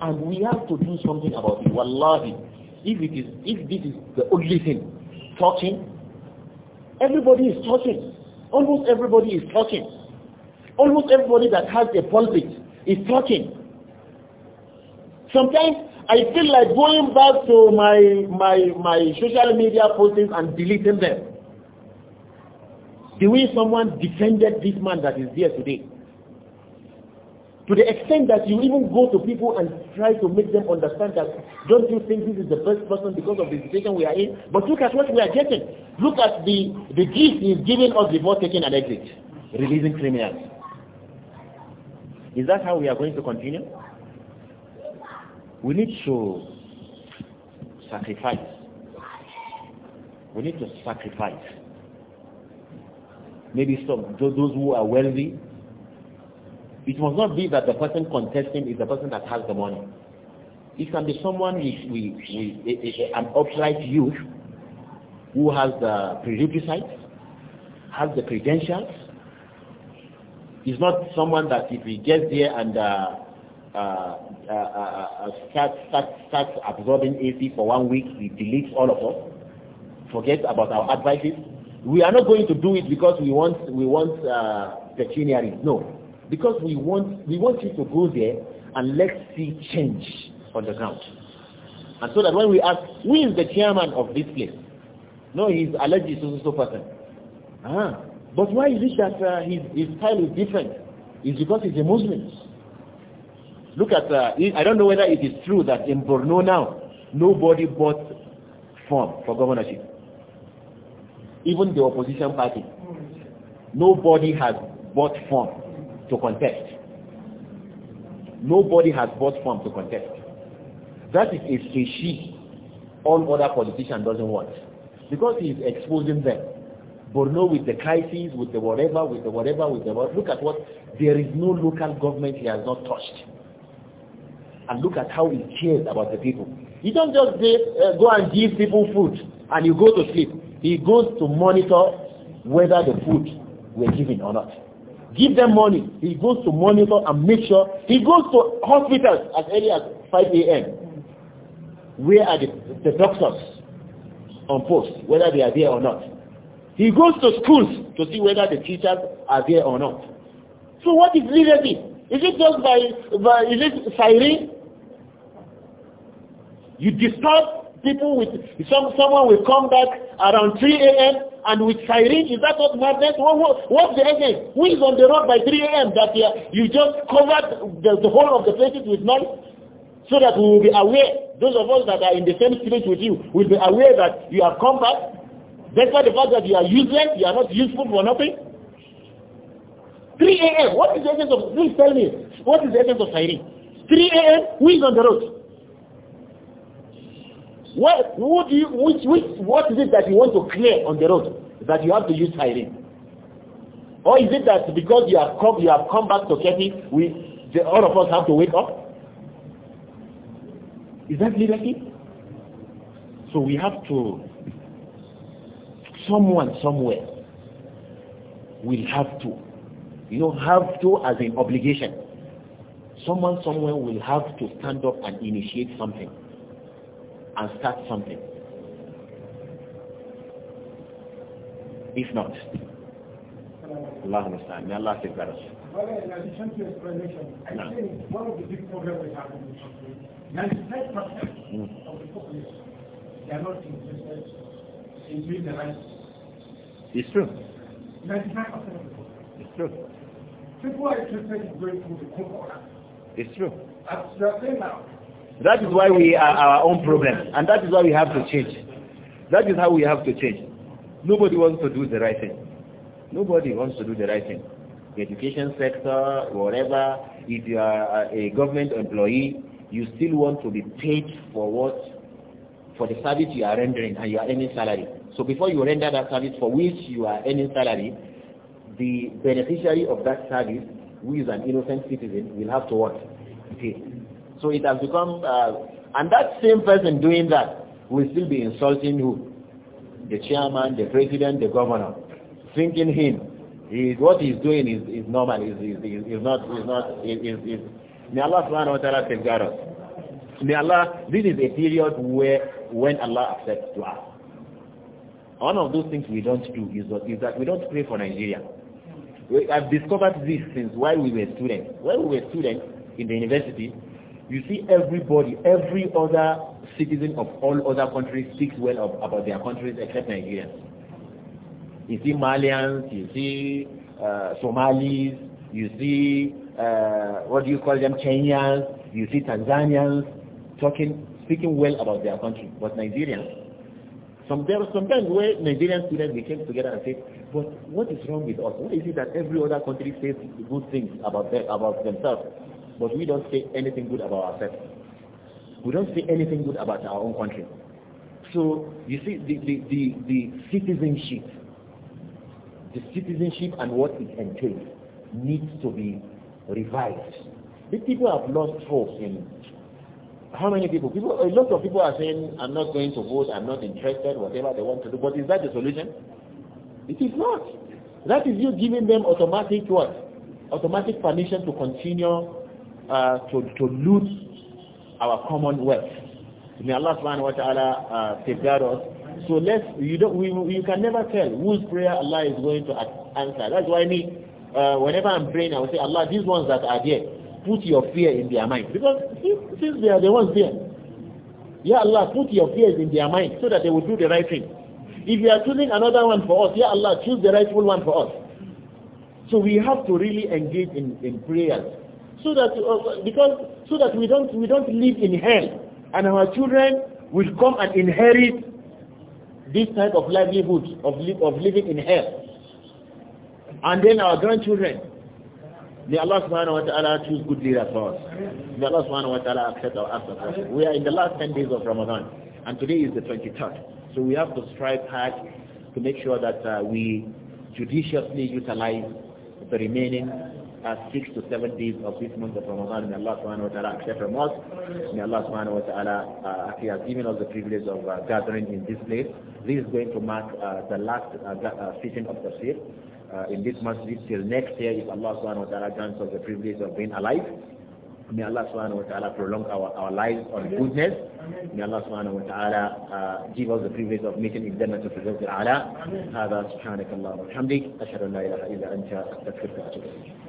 And we have to do something about it. Wallahi, if, it is, if this is the only thing, talking, everybody is talking. Almost everybody is talking. Almost everybody that has a pulpit is talking. Sometimes I feel like going back to my my my social media postings and deleting them. The way someone defended this man that is here today. To the extent that you even go to people and try to make them understand that don't you think this is the best person because of the situation we are in? But look at what we are getting. Look at the, the gift he is giving us before taking an exit. Releasing criminals. Is that how we are going to continue? We need to sacrifice. We need to sacrifice. Maybe some those who are wealthy. It must not be that the person contesting is the person that has the money. It can be someone who is an upright youth who has the prerequisites, has the credentials, He's not someone that if he gets there and uh, uh, uh, starts start, start absorbing AC for one week, he deletes all of us, forget about our advices. We are not going to do it because we want we want uh, pecuniary. No, because we want we want you to go there and let's see change on the ground. And so that when we ask, who is the chairman of this place? No, he's allergic to so person. Ah, but why is it that uh, his, his style is different? It's because he's a Muslim. Look at, uh, I don't know whether it is true that in Borno now, nobody bought form for governorship. Even the opposition party. Nobody has bought form to contest. Nobody has bought form to contest. That is a species all other politician doesn't want. Because he is exposing them. Borno with the crisis, with the whatever, with the whatever, with the whatever. Look at what, there is no local government he has not touched. And look at how he cares about the people. He don't just say, uh, go and give people food and you go to sleep. He goes to monitor whether the food were given or not. Give them money. He goes to monitor and make sure. He goes to hospitals as early as 5 a.m. Where are the, the doctors on post, whether they are there or not? He goes to schools to see whether the teachers are there or not. So what is leadership? Is it just by, by is it siren? You disturb people with, some, someone will come back around 3 a.m. and with siren, is that what madness? What, what, what's the essence? Who is on the road by 3 a.m. that you, you just covered the, the whole of the places with noise? So that we will be aware, those of us that are in the same street with you, will be aware that you have come back Despite the fact that you are useless, you are not useful for nothing. 3 a.m. What is the essence of, please tell me, what is the essence of hiring? 3 a.m. Who is on the road? What, who do you, which, which, what is it that you want to clear on the road that you have to use hiring? Or is it that because you have come, you have come back to Kepi, we, the, all of us have to wake up? Is that leadership? So we have to someone somewhere will have to you know have to as an obligation someone somewhere will have to stand up and initiate something and start something if not Allah understand may Allah take better well, in addition to explanation, I think one of the big problems we have in the country, 95% hmm. of the population, they are not interested is the It's true. 95% of the It's true. People are interested in going through the It's true. As you are saying now. That is why we are our own problem, and that is why we have to change. That is how we have to change. Nobody wants to do the right thing. Nobody wants to do the right thing. The education sector, whatever, if you are a government employee, you still want to be paid for what, for the service you are rendering and you are earning salary. So before you render that service for which you are earning salary, the beneficiary of that service, who is an innocent citizen, will have to what? Pay. So it has become, uh, and that same person doing that will still be insulting who? The chairman, the president, the governor, thinking him. He, what he's doing is, is normal, is, is, is, is not, is not, is, is, is. May Allah subhanahu wa ta'ala safeguard us. May Allah, this is a period where, when Allah accepts to dua. One of those things we don't do is, is that we don't pray for Nigeria. We, I've discovered this since while we were students. While we were students in the university, you see everybody, every other citizen of all other countries speaks well of, about their countries except Nigeria. You see Malians, you see uh, Somalis, you see, uh, what do you call them, Kenyans, you see Tanzanians talking, speaking well about their country. But Nigerians, some, there was where Nigerian students they came together and said, but what is wrong with us? What is it that every other country says good things about, them, about themselves, but we don't say anything good about ourselves? We don't say anything good about our own country. So you see the, the, the, the citizenship, the citizenship and what it entails needs to be revised. The people have lost hope in how many people? People, a lot of people are saying, I'm not going to vote, I'm not interested, whatever they want to do. But is that the solution? It is not. That is you giving them automatic what? Automatic permission to continue uh, to, to loot our wealth. May Allah subhanahu wa ta'ala uh, safeguard us. So let's, you don't, we, you can never tell whose prayer Allah is going to answer. That's why me, uh, whenever I'm praying, I will say, Allah, these ones that are there, put your fear in their mind. Because since they are the ones there, Ya Allah, put your fears in their mind so that they will do the right thing. If you are choosing another one for us, Ya Allah, choose the rightful one for us. So we have to really engage in, in prayers. So that, uh, because, so that we don't, we don't live in hell. And our children will come and inherit this type of livelihood of, li of living in hell. And then our grandchildren, May Allah subhanahu wa ta'ala choose good leaders for us. May Allah subhanahu wa ta'ala accept our acts We are in the last 10 days of Ramadan and today is the 23rd. So we have to strive hard to make sure that uh, we judiciously utilize the remaining uh, six to seven days of this month of Ramadan. May Allah subhanahu wa ta'ala accept from us. May Allah subhanahu wa ta'ala, uh, He has given us the privilege of uh, gathering in this place. This is going to mark uh, the last uh, session uh, of the Tafsir uh, in this masjid till next year if Allah subhanahu wa ta'ala grants us the privilege of being alive. May Allah subhanahu wa ta'ala prolong our, our lives on goodness. May Allah subhanahu wa ta'ala uh, give us the privilege of meeting in Jannah to preserve the Allah. هذا سبحانك اللهم وبحمدك أشهد أن لا إله إلا أنت أستغفرك